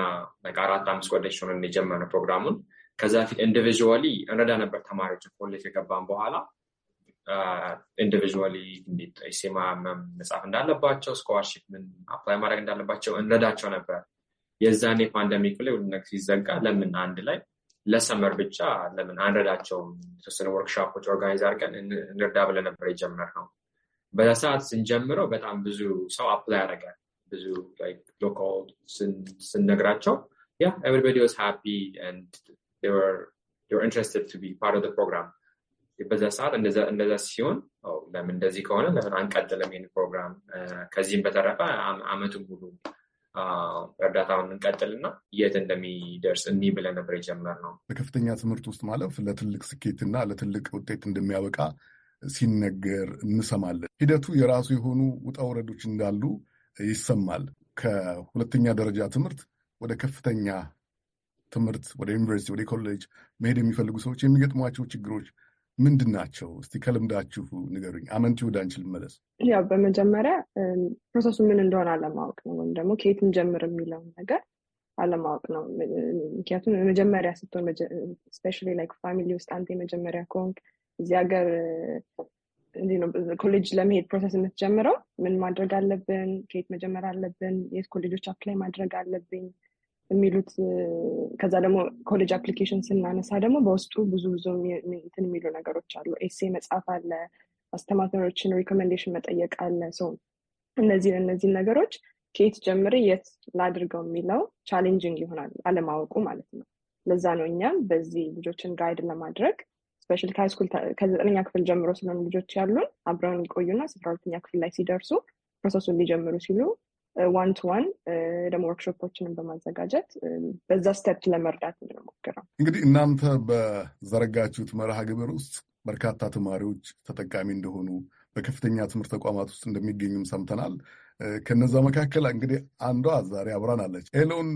አራት አምስት ጓደኞች ሆነን የጀመርነው ፕሮግራሙን። ከዛ በፊት ኢንዲቪዥዋሊ እንረዳ ነበር ተማሪዎች ኮሌጅ ከገባን በኋላ ኢንዲቪዥዋሊ ሴማ መጻፍ እንዳለባቸው ስኮላርሺፕ ምን አፕላይ ማድረግ እንዳለባቸው እንረዳቸው ነበር። የዛኔ ፓንደሚክ ላይ ሁሉ ነገር ሲዘጋ ለምን አንድ ላይ ለሰመር ብቻ ለምን አንረዳቸውም? የተወሰነ ወርክሾፖች ኦርጋናይዝ አድርገን እንርዳ ብለን ነበር የጀመርነው። በዛ ሰዓት ስንጀምረው በጣም ብዙ ሰው አፕላይ ያደረጋል ብዙ ሎካል ስንነግራቸው ያ ኤቨሪባዲ ዋዝ ሃፒ ኤንድ ኢንትረስትድ ቱ ቢ ፓርት ኦፍ ፕሮግራም። በዛ ሰዓት እንደዛ ሲሆን ለምን እንደዚህ ከሆነ ለምን አንቀጥልም ይህን ፕሮግራም ከዚህም በተረፈ አመቱ ሙሉ እርዳታውን እንቀጥልና የት እንደሚደርስ እኒ ብለን ነበር የጀመርነው። በከፍተኛ ትምህርት ውስጥ ማለፍ ለትልቅ ስኬትና ለትልቅ ውጤት እንደሚያበቃ ሲነገር እንሰማለን። ሂደቱ የራሱ የሆኑ ውጣ ውረዶች እንዳሉ ይሰማል። ከሁለተኛ ደረጃ ትምህርት ወደ ከፍተኛ ትምህርት ወደ ዩኒቨርሲቲ፣ ወደ ኮሌጅ መሄድ የሚፈልጉ ሰዎች የሚገጥሟቸው ችግሮች ምንድን ናቸው? እስቲ ከልምዳችሁ ንገሩኝ። አመንቲ ወደ አንቺ ልመለስ። ያው በመጀመሪያ ፕሮሰሱ ምን እንደሆነ አለማወቅ ነው፣ ወይም ደግሞ ከየት ጀምር የሚለውን ነገር አለማወቅ ነው። ምክንያቱም የመጀመሪያ ስትሆን ስፔሻሊ ላይክ ፋሚሊ ውስጥ አንተ የመጀመሪያ ከሆንክ እዚህ ሀገር ኮሌጅ ለመሄድ ፕሮሰስ የምትጀምረው ምን ማድረግ አለብን፣ ከየት መጀመር አለብን፣ የት ኮሌጆች አፕላይ ማድረግ አለብኝ የሚሉት ከዛ ደግሞ ኮሌጅ አፕሊኬሽን ስናነሳ ደግሞ በውስጡ ብዙ ብዙ ትን የሚሉ ነገሮች አሉ። ኤሴ መጻፍ አለ፣ አስተማሪዎችን ሪኮሜንዴሽን መጠየቅ አለ። ሰው እነዚህን እነዚህን ነገሮች ከየት ጀምር የት ላድርገው የሚለው ቻሌንጅንግ ይሆናል አለማወቁ ማለት ነው። ለዛ ነው እኛም በዚህ ልጆችን ጋይድ ለማድረግ ስፔሻሊ ከሃይስኩል ከዘጠነኛ ክፍል ጀምሮ ስለሆኑ ልጆች ያሉን አብረውን ይቆዩና አስራ ሁለተኛ ክፍል ላይ ሲደርሱ ፕሮሰሱን ሊጀምሩ ሲሉ ዋን ቱ ዋን ደግሞ ወርክሾፖችንም በማዘጋጀት በዛ ስቴፕ ለመርዳት ሞክረው። እንግዲህ እናንተ በዘረጋችሁት መርሃ ግብር ውስጥ በርካታ ተማሪዎች ተጠቃሚ እንደሆኑ በከፍተኛ ትምህርት ተቋማት ውስጥ እንደሚገኙም ሰምተናል። ከነዛ መካከል እንግዲህ አንዷ ዛሬ አብራን አለች። ኤሎን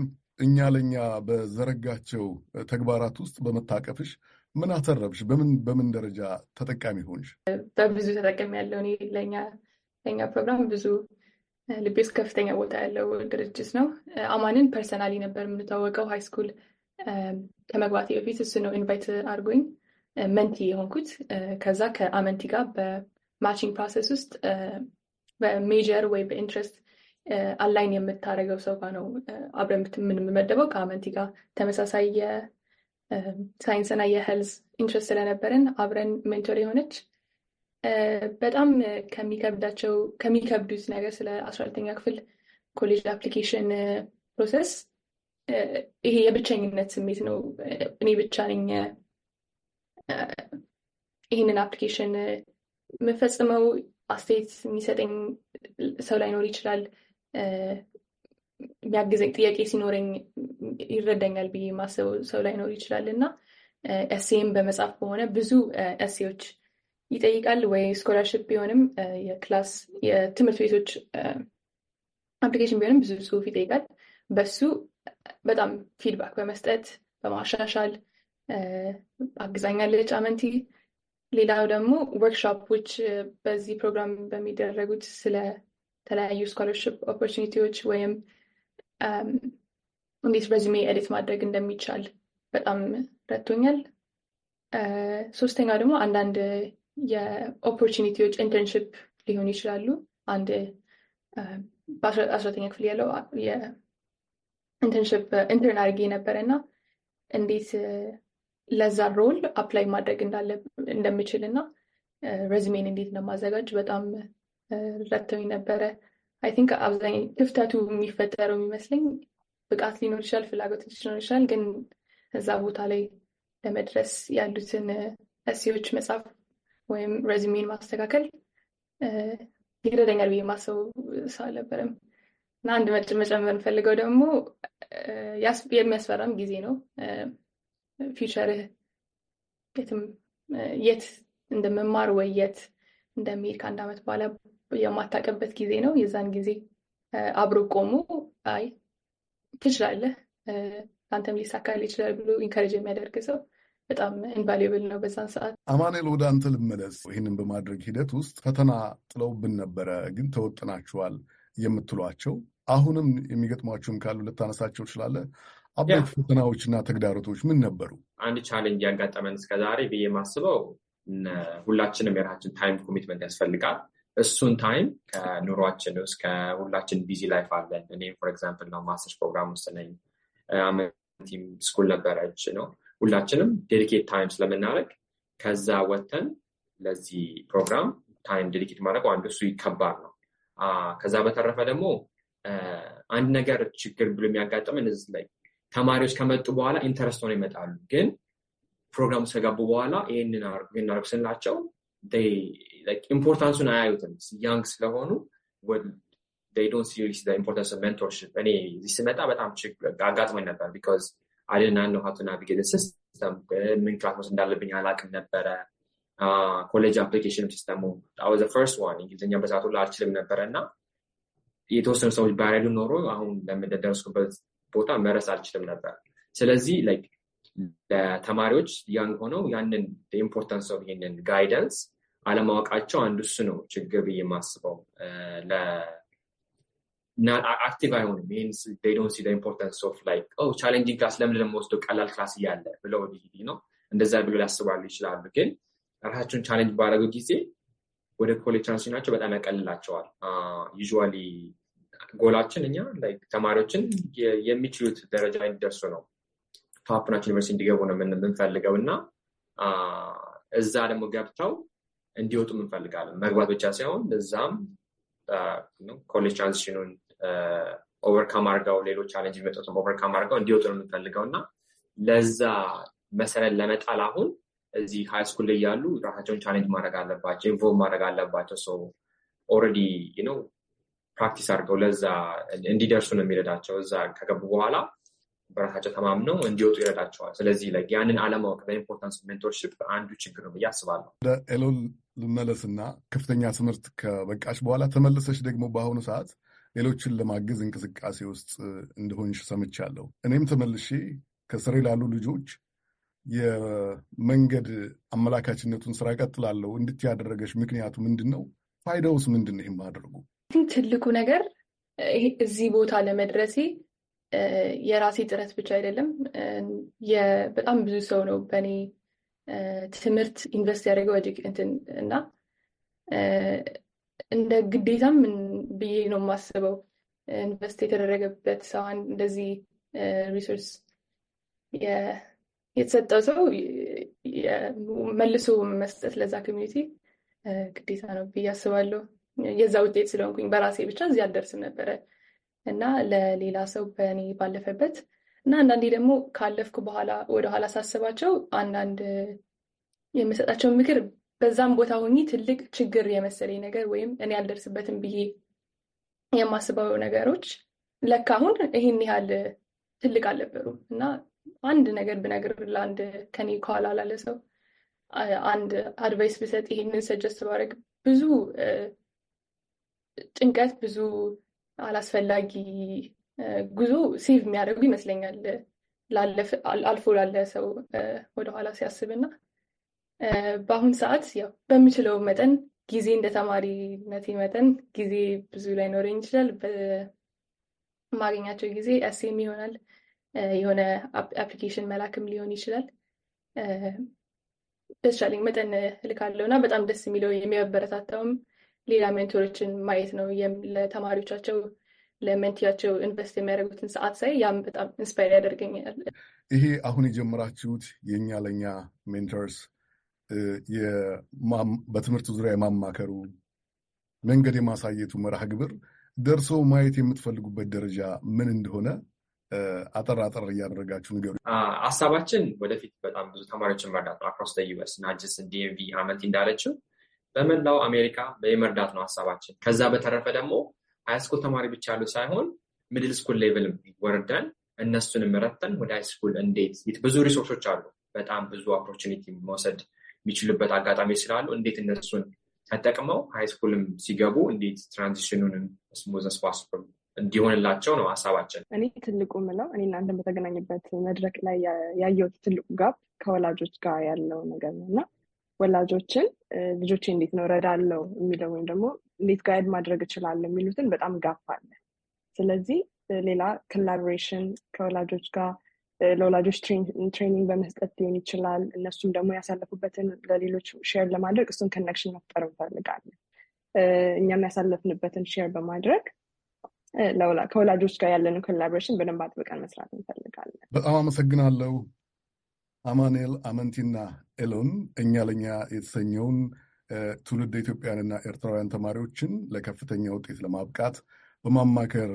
እኛ ለእኛ በዘረጋቸው ተግባራት ውስጥ በመታቀፍሽ ምን አተረብሽ? በምን በምን ደረጃ ተጠቃሚ ሆንሽ? በብዙ ተጠቃሚ ያለው እኔ ለእኛ ለእኛ ፕሮግራም ብዙ ልቤ ውስጥ ከፍተኛ ቦታ ያለው ድርጅት ነው። አማንን ፐርሰናሊ ነበር የምንታወቀው ሃይስኩል ከመግባቴ በፊት እሱ ነው ኢንቫይት አድርጎኝ መንቲ የሆንኩት። ከዛ ከአመንቲ ጋር በማቺንግ ፕሮሰስ ውስጥ በሜጀር ወይ በኢንትረስት አላይን የምታደርገው ሰው ጋር ነው አብረን የምንመደበው። ከአመንቲ ጋር ተመሳሳይ ሳይንስና የሄልዝ ኢንትረስት ስለነበረን አብረን ሜንቶር የሆነች በጣም ከሚከብዳቸው ከሚከብዱት ነገር ስለ አስራ ሁለተኛ ክፍል ኮሌጅ አፕሊኬሽን ፕሮሰስ ይሄ የብቸኝነት ስሜት ነው። እኔ ብቻ ነኝ ይህንን አፕሊኬሽን የምፈጽመው። አስተያየት የሚሰጠኝ ሰው ላይኖር ይችላል። የሚያግዘኝ ጥያቄ ሲኖረኝ ይረዳኛል ብዬ ማሰብ ሰው ላይኖር ይችላል እና ኤሴም በመጻፍ በሆነ ብዙ ኤሴዎች ይጠይቃል ወይ ስኮላርሽፕ ቢሆንም የክላስ የትምህርት ቤቶች አፕሊኬሽን ቢሆንም ብዙ ጽሁፍ ይጠይቃል። በሱ በጣም ፊድባክ በመስጠት በማሻሻል አግዛኛለች አመንቲ። ሌላው ደግሞ ወርክሾፖች በዚህ ፕሮግራም በሚደረጉት ስለ ተለያዩ ስኮላርሽፕ ኦፖርቹኒቲዎች ወይም እንዴት ረዝሜ ኤዲት ማድረግ እንደሚቻል በጣም ረቶኛል። ሶስተኛው ደግሞ አንዳንድ የኦፖርቹኒቲዎች ኢንተርንሽፕ ሊሆኑ ይችላሉ። አንድ በአስራተኛ ክፍል ያለው ኢንተርንሽፕ ኢንተርን አድርጌ ነበረ እና እንዴት ለዛ ሮል አፕላይ ማድረግ እንደምችል እና ረዝሜን እንዴት እንደማዘጋጅ በጣም ረድተውኝ ነበረ። አይ ቲንክ አብዛኛው ክፍተቱ የሚፈጠረው የሚመስለኝ ብቃት ሊኖር ይችላል፣ ፍላጎት ሊኖር ይችላል። ግን እዛ ቦታ ላይ ለመድረስ ያሉትን እሴዎች መጻፍ ወይም ረዝሜን ማስተካከል ይረዳኛል ብዬ ማሰቡ ሰው አልነበረም እና አንድ መጨመር እንፈልገው ደግሞ የሚያስፈራም ጊዜ ነው። ፊውቸርህ የትም የት እንደመማር ወይ የት እንደሚሄድ ከአንድ ዓመት በኋላ የማታቀበት ጊዜ ነው። የዛን ጊዜ አብሮ ቆሞ አይ ትችላለህ፣ አንተም ሊሳካል ይችላል ብሎ ኢንካሬጅ የሚያደርግ ሰው በጣም ኢንቫሉብል ነው በዛን ሰዓት። አማኔል ወደ አንተ ልመለስ። ይህንን በማድረግ ሂደት ውስጥ ፈተና ጥለውብን ነበረ፣ ግን ተወጥናችኋል የምትሏቸው አሁንም የሚገጥሟቸውም ካሉ ልታነሳቸው ትችላለህ? አባት ፈተናዎች እና ተግዳሮቶች ምን ነበሩ? አንድ ቻሌንጅ ያጋጠመን እስከዛሬ ብዬ ማስበው ሁላችንም የራችን ታይም ኮሚትመንት ያስፈልጋል። እሱን ታይም ከኑሯችን ውስጥ ከሁላችን ቢዚ ላይፍ አለን። እኔ ፎር ኤግዛምፕል ነው ማስተርስ ፕሮግራም ውስጥ ነኝ። አመቲም ስኩል ነበረች ነው ሁላችንም ዴዲኬት ታይም ስለምናደርግ ከዛ ወተን ለዚህ ፕሮግራም ታይም ዴዲኬት ማድረግ አንዱ እሱ ይከባድ ነው። ከዛ በተረፈ ደግሞ አንድ ነገር ችግር ብሎ የሚያጋጥመን እዚህ ላይ ተማሪዎች ከመጡ በኋላ ኢንተረስት ሆነው ይመጣሉ። ግን ፕሮግራሙ ከገቡ በኋላ ይህንን አድርጉ ስንላቸው ኢምፖርታንሱን አያዩትም ያንግ ስለሆኑ ዶንት ሲሪስ ኢምፖርታንስ ሜንቶርሽፕ። እኔ እዚህ ስመጣ በጣም አጋጥሞኝ ነበር ቢኮዝ አድና ነው ሀብቱ ናቪጌት ሲስተም ምን ክላስ እንዳለብኝ አላቅም ነበረ። ኮሌጅ አፕሊኬሽን ሲስተሙ ወዘ ፈርስት ዋን እንግሊዝኛ በሰዓቱ አልችልም ነበረ እና የተወሰኑ ሰዎች ባያሉ ኖሮ አሁን ለምደደረስኩበት ቦታ መረስ አልችልም ነበር። ስለዚህ ለተማሪዎች ያንግ ሆነው ያንን ኢምፖርታንስ ኦፍ ይህንን ጋይደንስ አለማወቃቸው አንዱ እሱ ነው ችግር ብዬ የማስበው። አክቲቭ አይሆንም። ይህን ዶን ሲ ኢምፖርታንስ ኦፍ ላይክ ቻሌንጂንግ ክላስ ለምን ለመወስደው ቀላል ክላስ እያለ ብለው ነው እንደዛ ብሎ ሊያስባሉ ይችላሉ። ግን ራሳቸውን ቻሌንጅ ባደረጉ ጊዜ ወደ ኮሌጅ ትራንዚሽናቸው በጣም ያቀልላቸዋል። ዩዋሊ ጎላችን እኛ ተማሪዎችን የሚችሉት ደረጃ እንዲደርሱ ነው፣ ቶፕ ዩኒቨርሲቲ እንዲገቡ ነው የምንፈልገው እና እዛ ደግሞ ገብተው እንዲወጡም እንፈልጋለን። መግባት ብቻ ሳይሆን እዛም ኮሌጅ ትራንዚሽኑን ኦቨርካም አርገው ሌሎች ቻለንጅ የሚመጡትን ኦቨርካም አርገው እንዲወጡ ነው የምንፈልገው እና ለዛ መሰረት ለመጣል አሁን እዚህ ሃይስኩል ስኩል ላይ ያሉ ራሳቸውን ቻለንጅ ማድረግ አለባቸው፣ ኢንቮልቭ ማድረግ አለባቸው። ሰው ኦልሬዲ ፕራክቲስ አድርገው ለዛ እንዲደርሱ ነው የሚረዳቸው። እዛ ከገቡ በኋላ በራሳቸው ተማምነው እንዲወጡ ይረዳቸዋል። ስለዚህ ያንን አለማወቅ በኢምፖርታንስ ሜንቶርሽፕ አንዱ ችግር ነው ብዬ አስባለሁ። ወደ ኤሎን ልመለስና ከፍተኛ ትምህርት ከበቃሽ በኋላ ተመለሰች ደግሞ በአሁኑ ሰዓት ሌሎችን ለማገዝ እንቅስቃሴ ውስጥ እንደሆንሽ ሰምቻለሁ። እኔም ተመልሼ ከስሬ ላሉ ልጆች የመንገድ አመላካችነቱን ስራ ቀጥላለሁ። እንድት ያደረገች ምክንያቱ ምንድን ነው? ፋይዳውስ ምንድን ነው? ይህም አድርጉ ትልቁ ነገር እዚህ ቦታ ለመድረሴ የራሴ ጥረት ብቻ አይደለም። በጣም ብዙ ሰው ነው በእኔ ትምህርት ኢንቨስት ያደረገው እንትን እና እንደ ግዴታም ብዬ ነው የማስበው። ኢንቨስት የተደረገበት ሰው እንደዚህ ሪሶርስ የተሰጠው ሰው መልሶ መስጠት ለዛ ኮሚኒቲ ግዴታ ነው ብዬ አስባለሁ። የዛ ውጤት ስለሆንኩኝ በራሴ ብቻ እዚህ አልደርስም ነበረ። እና ለሌላ ሰው በእኔ ባለፈበት እና አንዳንዴ ደግሞ ካለፍኩ በኋላ ወደኋላ ሳስባቸው አንዳንድ የምሰጣቸውን ምክር በዛም ቦታ ሆኜ ትልቅ ችግር የመሰለኝ ነገር ወይም እኔ አልደርስበትም ብዬ የማስበው ነገሮች ለካ አሁን ይህን ያህል ትልቅ አልነበሩም እና አንድ ነገር ብነግር ለአንድ ከኔ ከኋላ ላለ ሰው አንድ አድቫይስ ብሰጥ ይህንን ሰጀስት ባደርግ ብዙ ጭንቀት ብዙ አላስፈላጊ ጉዞ ሴቭ የሚያደርጉ ይመስለኛል አልፎ ላለ ሰው ወደኋላ ሲያስብና በአሁን ሰዓት ያው በምችለው መጠን ጊዜ እንደ ተማሪነት መጠን ጊዜ ብዙ ላይኖረኝ ይችላል። በማገኛቸው ጊዜ ኤሴም ይሆናል፣ የሆነ አፕሊኬሽን መላክም ሊሆን ይችላል። በተቻለኝ መጠን እልካለሁ እና በጣም ደስ የሚለው የሚያበረታታውም ሌላ ሜንቶሮችን ማየት ነው ለተማሪዎቻቸው ለመንቲያቸው ኢንቨስት የሚያደርጉትን ሰዓት ሳይ ያም በጣም ኢንስፓየር ያደርገኛል። ይሄ አሁን የጀመራችሁት የእኛ ለእኛ ሜንተርስ በትምህርት ዙሪያ የማማከሩ መንገድ የማሳየቱ መርሃ ግብር ደርሶ ማየት የምትፈልጉበት ደረጃ ምን እንደሆነ አጠር አጠር እያደረጋችሁ ንገሩ። ሀሳባችን ወደፊት በጣም ብዙ ተማሪዎችን መርዳት አክሮስ ዩስ ናጅስ ዲኤምቪ አመት እንዳለችው በመላው አሜሪካ የመርዳት ነው ሀሳባችን። ከዛ በተረፈ ደግሞ ሃይስኩል ተማሪ ብቻ ያሉ ሳይሆን ሚድል ስኩል ሌቭልም ወርደን እነሱንም ረተን ወደ ሃይስኩል እንዴት ብዙ ሪሶርሶች አሉ። በጣም ብዙ ኦፖርቹኒቲ መውሰድ የሚችሉበት አጋጣሚ ስላሉ እንዴት እነሱን ተጠቅመው ሃይስኩልም ሲገቡ እንዴት ትራንዚሽኑንም ስሙዝ እንዲሆንላቸው ነው ሀሳባችን። እኔ ትልቁ ምለው እኔ እናንተን በተገናኝበት መድረክ ላይ ያየሁት ትልቁ ጋፕ ከወላጆች ጋር ያለው ነገር ነው እና ወላጆችን ልጆቼ እንዴት ነው ረዳለው የሚለው ወይም ደግሞ እንዴት ጋይድ ማድረግ እችላለሁ የሚሉትን በጣም ጋፕ አለ። ስለዚህ ሌላ ኮላቦሬሽን ከወላጆች ጋር ለወላጆች ትሬኒንግ በመስጠት ሊሆን ይችላል። እነሱም ደግሞ ያሳለፉበትን ለሌሎች ሼር ለማድረግ እሱን ኮኔክሽን መፍጠር እንፈልጋለን። እኛም ያሳለፍንበትን ሼር በማድረግ ከወላጆች ጋር ያለንን ኮላቦሬሽን በደንብ አጥብቀን መስራት እንፈልጋለን። በጣም አመሰግናለሁ። አማኑኤል አመንቲና ኤሎን እኛ ለኛ የተሰኘውን ትውልድ ኢትዮጵያውያንና ኤርትራውያን ተማሪዎችን ለከፍተኛ ውጤት ለማብቃት በማማከር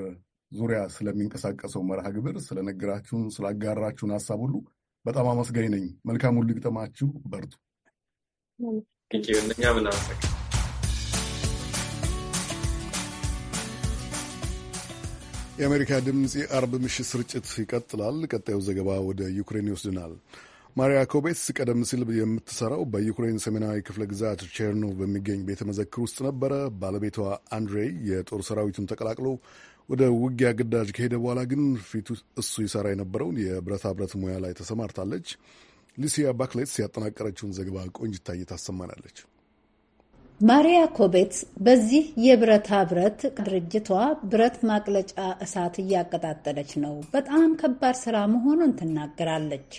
ዙሪያ ስለሚንቀሳቀሰው መርሃ ግብር ስለነገራችሁን፣ ስላጋራችሁን ሀሳብ ሁሉ በጣም አመስጋኝ ነኝ። መልካም ሁሉ ይግጠማችሁ፣ በርቱ። የአሜሪካ ድምፅ የአርብ ምሽት ስርጭት ይቀጥላል። ቀጣዩ ዘገባ ወደ ዩክሬን ይወስድናል። ማሪያ ኮቤትስ ቀደም ሲል የምትሰራው በዩክሬን ሰሜናዊ ክፍለ ግዛት ቼርኖ በሚገኝ ቤተ መዘክር ውስጥ ነበረ። ባለቤቷ አንድሬይ የጦር ሰራዊቱን ተቀላቅሎ ወደ ውጊያ ግዳጅ ከሄደ በኋላ ግን ፊቱ እሱ ይሰራ የነበረውን የብረታ ብረት ሙያ ላይ ተሰማርታለች። ሊሲያ ባክሌትስ ያጠናቀረችውን ዘገባ ቆንጅታዬ ታሰማናለች። ማሪያ ኮቤትስ በዚህ የብረታ ብረት ድርጅቷ ብረት ማቅለጫ እሳት እያቀጣጠለች ነው። በጣም ከባድ ስራ መሆኑን ትናገራለች።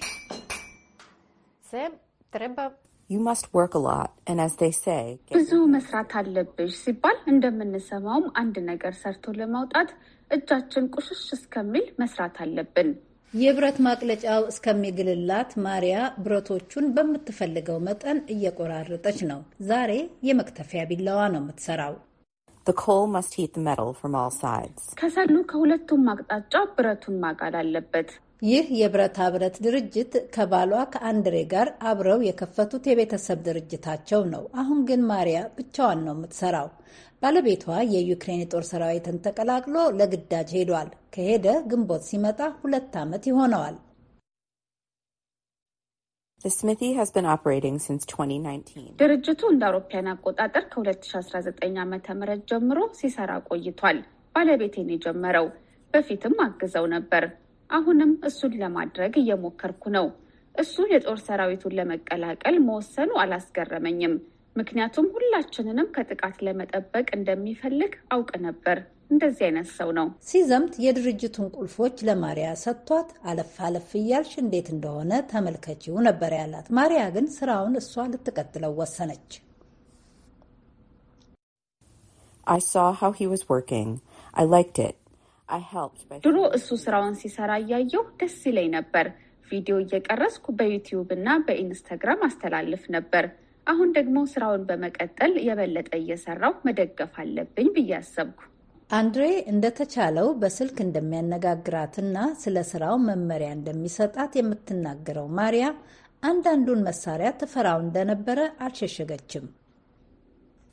ብዙ መስራት አለብሽ ሲባል እንደምንሰማውም አንድ ነገር ሰርቶ ለማውጣት እጃችን ቁሽሽ እስከሚል መስራት አለብን። የብረት ማቅለጫው እስከሚግልላት ማሪያ ብረቶቹን በምትፈልገው መጠን እየቆራረጠች ነው። ዛሬ የመክተፊያ ቢላዋ ነው የምትሰራው። ከሰሉ ከሁለቱም አቅጣጫ ብረቱን ማጋል አለበት። ይህ የብረታ ብረት ድርጅት ከባሏ ከአንድሬ ጋር አብረው የከፈቱት የቤተሰብ ድርጅታቸው ነው። አሁን ግን ማሪያ ብቻዋን ነው የምትሰራው። ባለቤቷ የዩክሬን የጦር ሰራዊትን ተቀላቅሎ ለግዳጅ ሄዷል። ከሄደ ግንቦት ሲመጣ ሁለት ዓመት ይሆነዋል። ድርጅቱ እንደ አውሮፓያን አቆጣጠር ከ2019 ዓ ም ጀምሮ ሲሰራ ቆይቷል። ባለቤቴን የጀመረው በፊትም አግዘው ነበር አሁንም እሱን ለማድረግ እየሞከርኩ ነው። እሱ የጦር ሰራዊቱን ለመቀላቀል መወሰኑ አላስገረመኝም። ምክንያቱም ሁላችንንም ከጥቃት ለመጠበቅ እንደሚፈልግ አውቅ ነበር። እንደዚህ አይነት ሰው ነው። ሲዘምት የድርጅቱን ቁልፎች ለማሪያ ሰጥቷት አለፍ አለፍ እያልሽ እንዴት እንደሆነ ተመልከቺው ነበር ያላት። ማሪያ ግን ስራውን እሷ ልትቀጥለው ወሰነች። I saw how he was working. I liked it. ድሮ እሱ ስራውን ሲሰራ እያየሁ ደስ ይለኝ ነበር። ቪዲዮ እየቀረስኩ በዩቲዩብ እና በኢንስታግራም አስተላልፍ ነበር። አሁን ደግሞ ስራውን በመቀጠል የበለጠ እየሰራው መደገፍ አለብኝ ብዬ አሰብኩ። አንድሬ እንደተቻለው በስልክ እንደሚያነጋግራትና ስለ ስራው መመሪያ እንደሚሰጣት የምትናገረው ማሪያ አንዳንዱን መሳሪያ ትፈራው እንደነበረ አልሸሸገችም።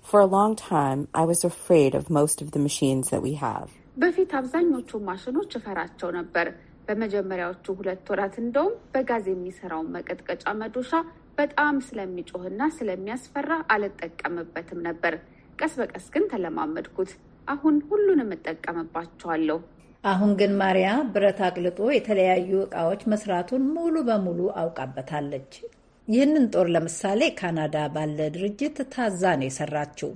For a long time, I was afraid of most of the machines that we have. በፊት አብዛኞቹ ማሽኖች እፈራቸው ነበር። በመጀመሪያዎቹ ሁለት ወራት እንደውም በጋዝ የሚሰራውን መቀጥቀጫ መዶሻ በጣም ስለሚጮህና ስለሚያስፈራ አልጠቀምበትም ነበር። ቀስ በቀስ ግን ተለማመድኩት። አሁን ሁሉንም እጠቀምባቸዋለሁ። አሁን ግን ማሪያ ብረት አቅልጦ የተለያዩ እቃዎች መስራቱን ሙሉ በሙሉ አውቃበታለች። ይህንን ጦር ለምሳሌ ካናዳ ባለ ድርጅት ታዛ ነው የሰራችው።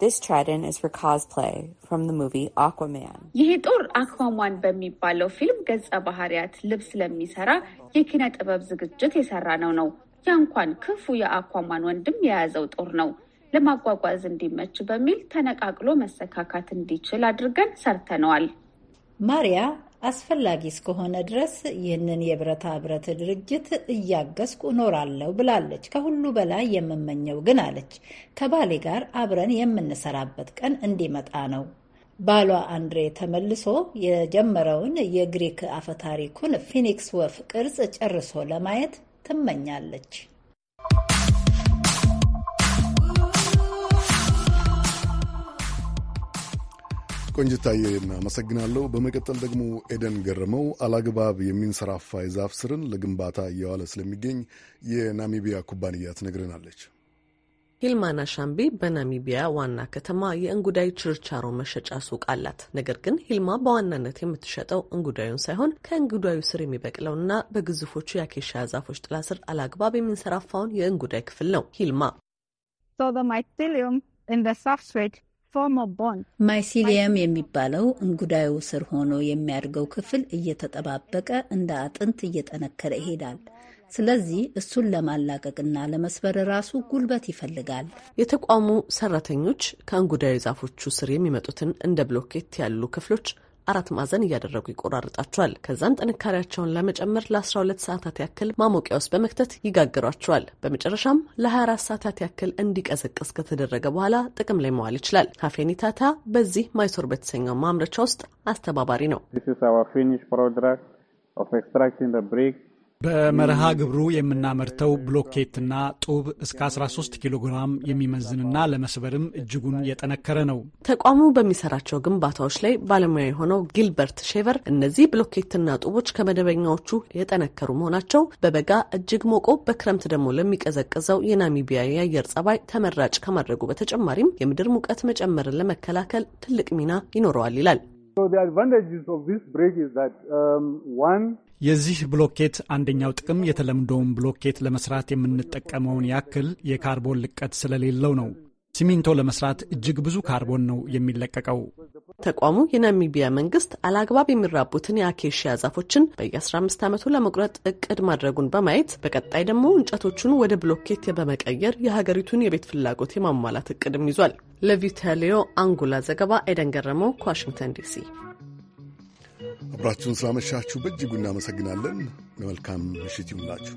This trident is for cosplay from the movie Aquaman. ይህ ጦር አኳማን በሚባለው ፊልም ገጸ ባህሪያት ልብስ ለሚሰራ የኪነ ጥበብ ዝግጅት የሰራ ነው ነው። ያንኳን ክፉ የአኳማን ወንድም የያዘው ጦር ነው። ለማጓጓዝ እንዲመች በሚል ተነቃቅሎ መሰካካት እንዲችል አድርገን ሰርተነዋል። ማሪያ አስፈላጊ እስከሆነ ድረስ ይህንን የብረታ ብረት ድርጅት እያገዝኩ እኖራለሁ ብላለች። ከሁሉ በላይ የምመኘው ግን አለች፣ ከባሌ ጋር አብረን የምንሰራበት ቀን እንዲመጣ ነው። ባሏ አንድሬ ተመልሶ የጀመረውን የግሪክ አፈታሪኩን ፊኒክስ ወፍ ቅርጽ ጨርሶ ለማየት ትመኛለች። ቆንጅታዬ እናመሰግናለሁ። በመቀጠል ደግሞ ኤደን ገረመው አላግባብ የሚንሰራፋ የዛፍ ስርን ለግንባታ እየዋለ ስለሚገኝ የናሚቢያ ኩባንያ ትነግረናለች። ሂልማና ሻምቢ በናሚቢያ ዋና ከተማ የእንጉዳይ ችርቻሮ መሸጫ ሱቅ አላት። ነገር ግን ሂልማ በዋናነት የምትሸጠው እንጉዳዩን ሳይሆን ከእንጉዳዩ ስር የሚበቅለውና በግዙፎቹ የአኬሻ ዛፎች ጥላ ስር አላግባብ የሚንሰራፋውን የእንጉዳይ ክፍል ነው። ሂልማ ማይሲሊየም የሚባለው እንጉዳዩ ስር ሆኖ የሚያድገው ክፍል እየተጠባበቀ እንደ አጥንት እየጠነከረ ይሄዳል። ስለዚህ እሱን ለማላቀቅና ለመስበር ራሱ ጉልበት ይፈልጋል። የተቋሙ ሰራተኞች ከእንጉዳዩ ዛፎቹ ስር የሚመጡትን እንደ ብሎኬት ያሉ ክፍሎች አራት ማዕዘን እያደረጉ ይቆራርጣቸዋል። ከዛም ጥንካሬያቸውን ለመጨመር ለ12 ሰዓታት ያክል ማሞቂያ ውስጥ በመክተት ይጋግሯቸዋል። በመጨረሻም ለ24 ሰዓታት ያክል እንዲቀዘቅዝ ከተደረገ በኋላ ጥቅም ላይ መዋል ይችላል። ሀፌኒ ታታ በዚህ ማይሶር በተሰኘው ማምረቻ ውስጥ አስተባባሪ ነው። በመርሃ ግብሩ የምናመርተው ብሎኬትና ጡብ እስከ 13 ኪሎ ግራም የሚመዝንና ለመስበርም እጅጉን የጠነከረ ነው። ተቋሙ በሚሰራቸው ግንባታዎች ላይ ባለሙያ የሆነው ጊልበርት ሼቨር እነዚህ ብሎኬትና ጡቦች ከመደበኛዎቹ የጠነከሩ መሆናቸው በበጋ እጅግ ሞቆ በክረምት ደግሞ ለሚቀዘቅዘው የናሚቢያ የአየር ጸባይ ተመራጭ ከማድረጉ በተጨማሪም የምድር ሙቀት መጨመርን ለመከላከል ትልቅ ሚና ይኖረዋል ይላል። የዚህ ብሎኬት አንደኛው ጥቅም የተለምዶውን ብሎኬት ለመስራት የምንጠቀመውን ያክል የካርቦን ልቀት ስለሌለው ነው። ሲሚንቶ ለመስራት እጅግ ብዙ ካርቦን ነው የሚለቀቀው። ተቋሙ የናሚቢያ መንግስት አላግባብ የሚራቡትን የአኬሽያ ዛፎችን በየ15 ዓመቱ ለመቁረጥ እቅድ ማድረጉን በማየት በቀጣይ ደግሞ እንጨቶቹን ወደ ብሎኬት በመቀየር የሀገሪቱን የቤት ፍላጎት የማሟላት እቅድም ይዟል። ለቪታሊዮ አንጉላ ዘገባ ኤደን ገረመው ከዋሽንግተን ዲሲ አብራችሁን ስላመሻችሁ በእጅጉ እናመሰግናለን። በመልካም ምሽት ይሁንላችሁ።